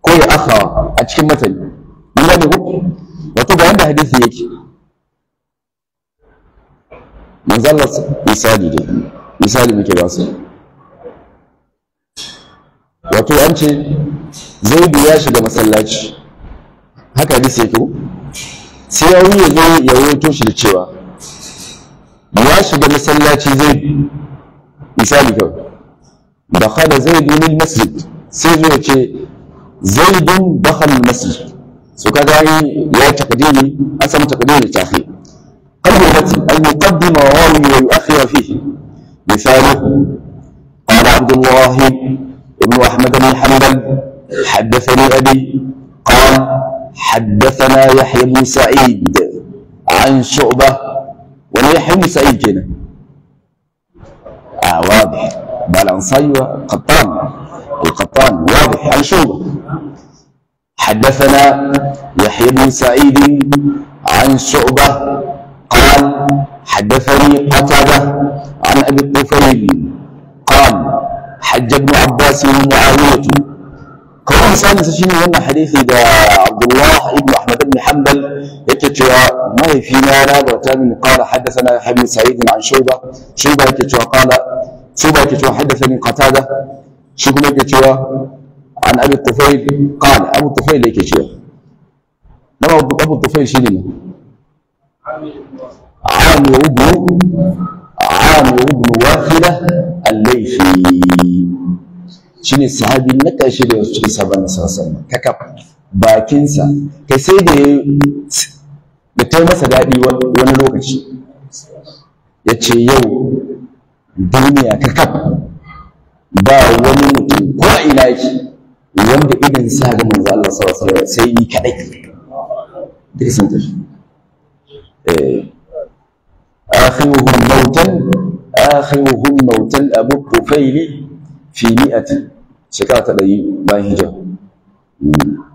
كوي أخر أتشكي متن من لا نقول وتبع عند حديث يك من ظلت مثالي دي مثالي مكي باسي wato an ce zaidu ya shiga masallaci haka hadisi yake sai ya wuya zo ya ya shiga masallaci zai misali kawai da khala zaidun masjid sai zo ce zaidun dakhala masjid su kaga ya taqdimi asam taqdimi ta'khir قدمت أن يقدم راوي ويؤخر فيه مثاله قال عبد الله بن أحمد بن حنبل حدثني أبي قال حدثنا يحيى بن سعيد عن شعبة ولا يحوس أي جنة آه واضح بالانصيوة قطان القطان واضح على شوبه حدثنا يحيى بن سعيد عن شعبة قال حدثني قتادة عن أبي الطفيل قال حج ابن عباس ومعاوية كون سالس شنو هنا حديث إذا عبد الله بن احمد بن حنبل يكتشف ما في مالا وتامن قال حدثنا يحيى بن سعيد عن شيبه شيبه يكتشف قال شوبه يكتشف حدثني قتاده شوبه يكتشف عن ابي الطفيل قال ابو الطفيل يكتشف لما نعم، ابو الطفيل شنو؟ عامر ابن عامر ابن واخله الليثي شنو الصحابي نكا شنو صحابي صلى الله عليه وسلم ككبر bakinsa ta sai da ya ta masa daɗi wani lokaci ya ce yau duniya ta kaf ba wani mutum ko ina yake wanda idan sa ga manzo Allah sallallahu alaihi wasallam sai ni kadai da san ta. eh akhiruhum mautan akhiruhum mautan abu tufaili fi mi'ati shekara ta dai ba hijab hmm.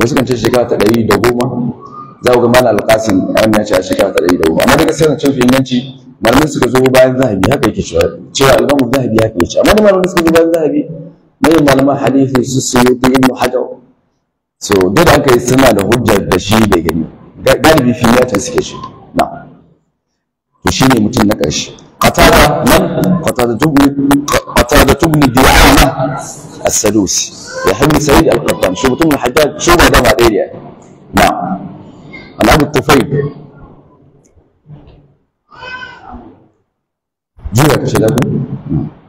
wasu kan ce shekara ta ɗari da goma za ku ga mana alƙasin an ya ce a shekara ta ɗari da goma amma daga sai na cin inganci malamin suka zo bayan zahabi haka yake cewa cewa albamu zahabi haka yake amma da malamin suka zo bayan zahabi na yin malaman hadithu su suyuti ibn hajar so duk da aka yi suna da hujjar da shi bai gani galibi fiye ta suke shi na to ne mutum na ƙarshe قتادة من؟ قتادة ابن قتادة ابن دعامة السدوسي يحيى بن سعيد القطان شو بن الحجاج شعبة ده بعدين إيه يعني نعم أنا أبي الطفيل جيبك شلبه نعم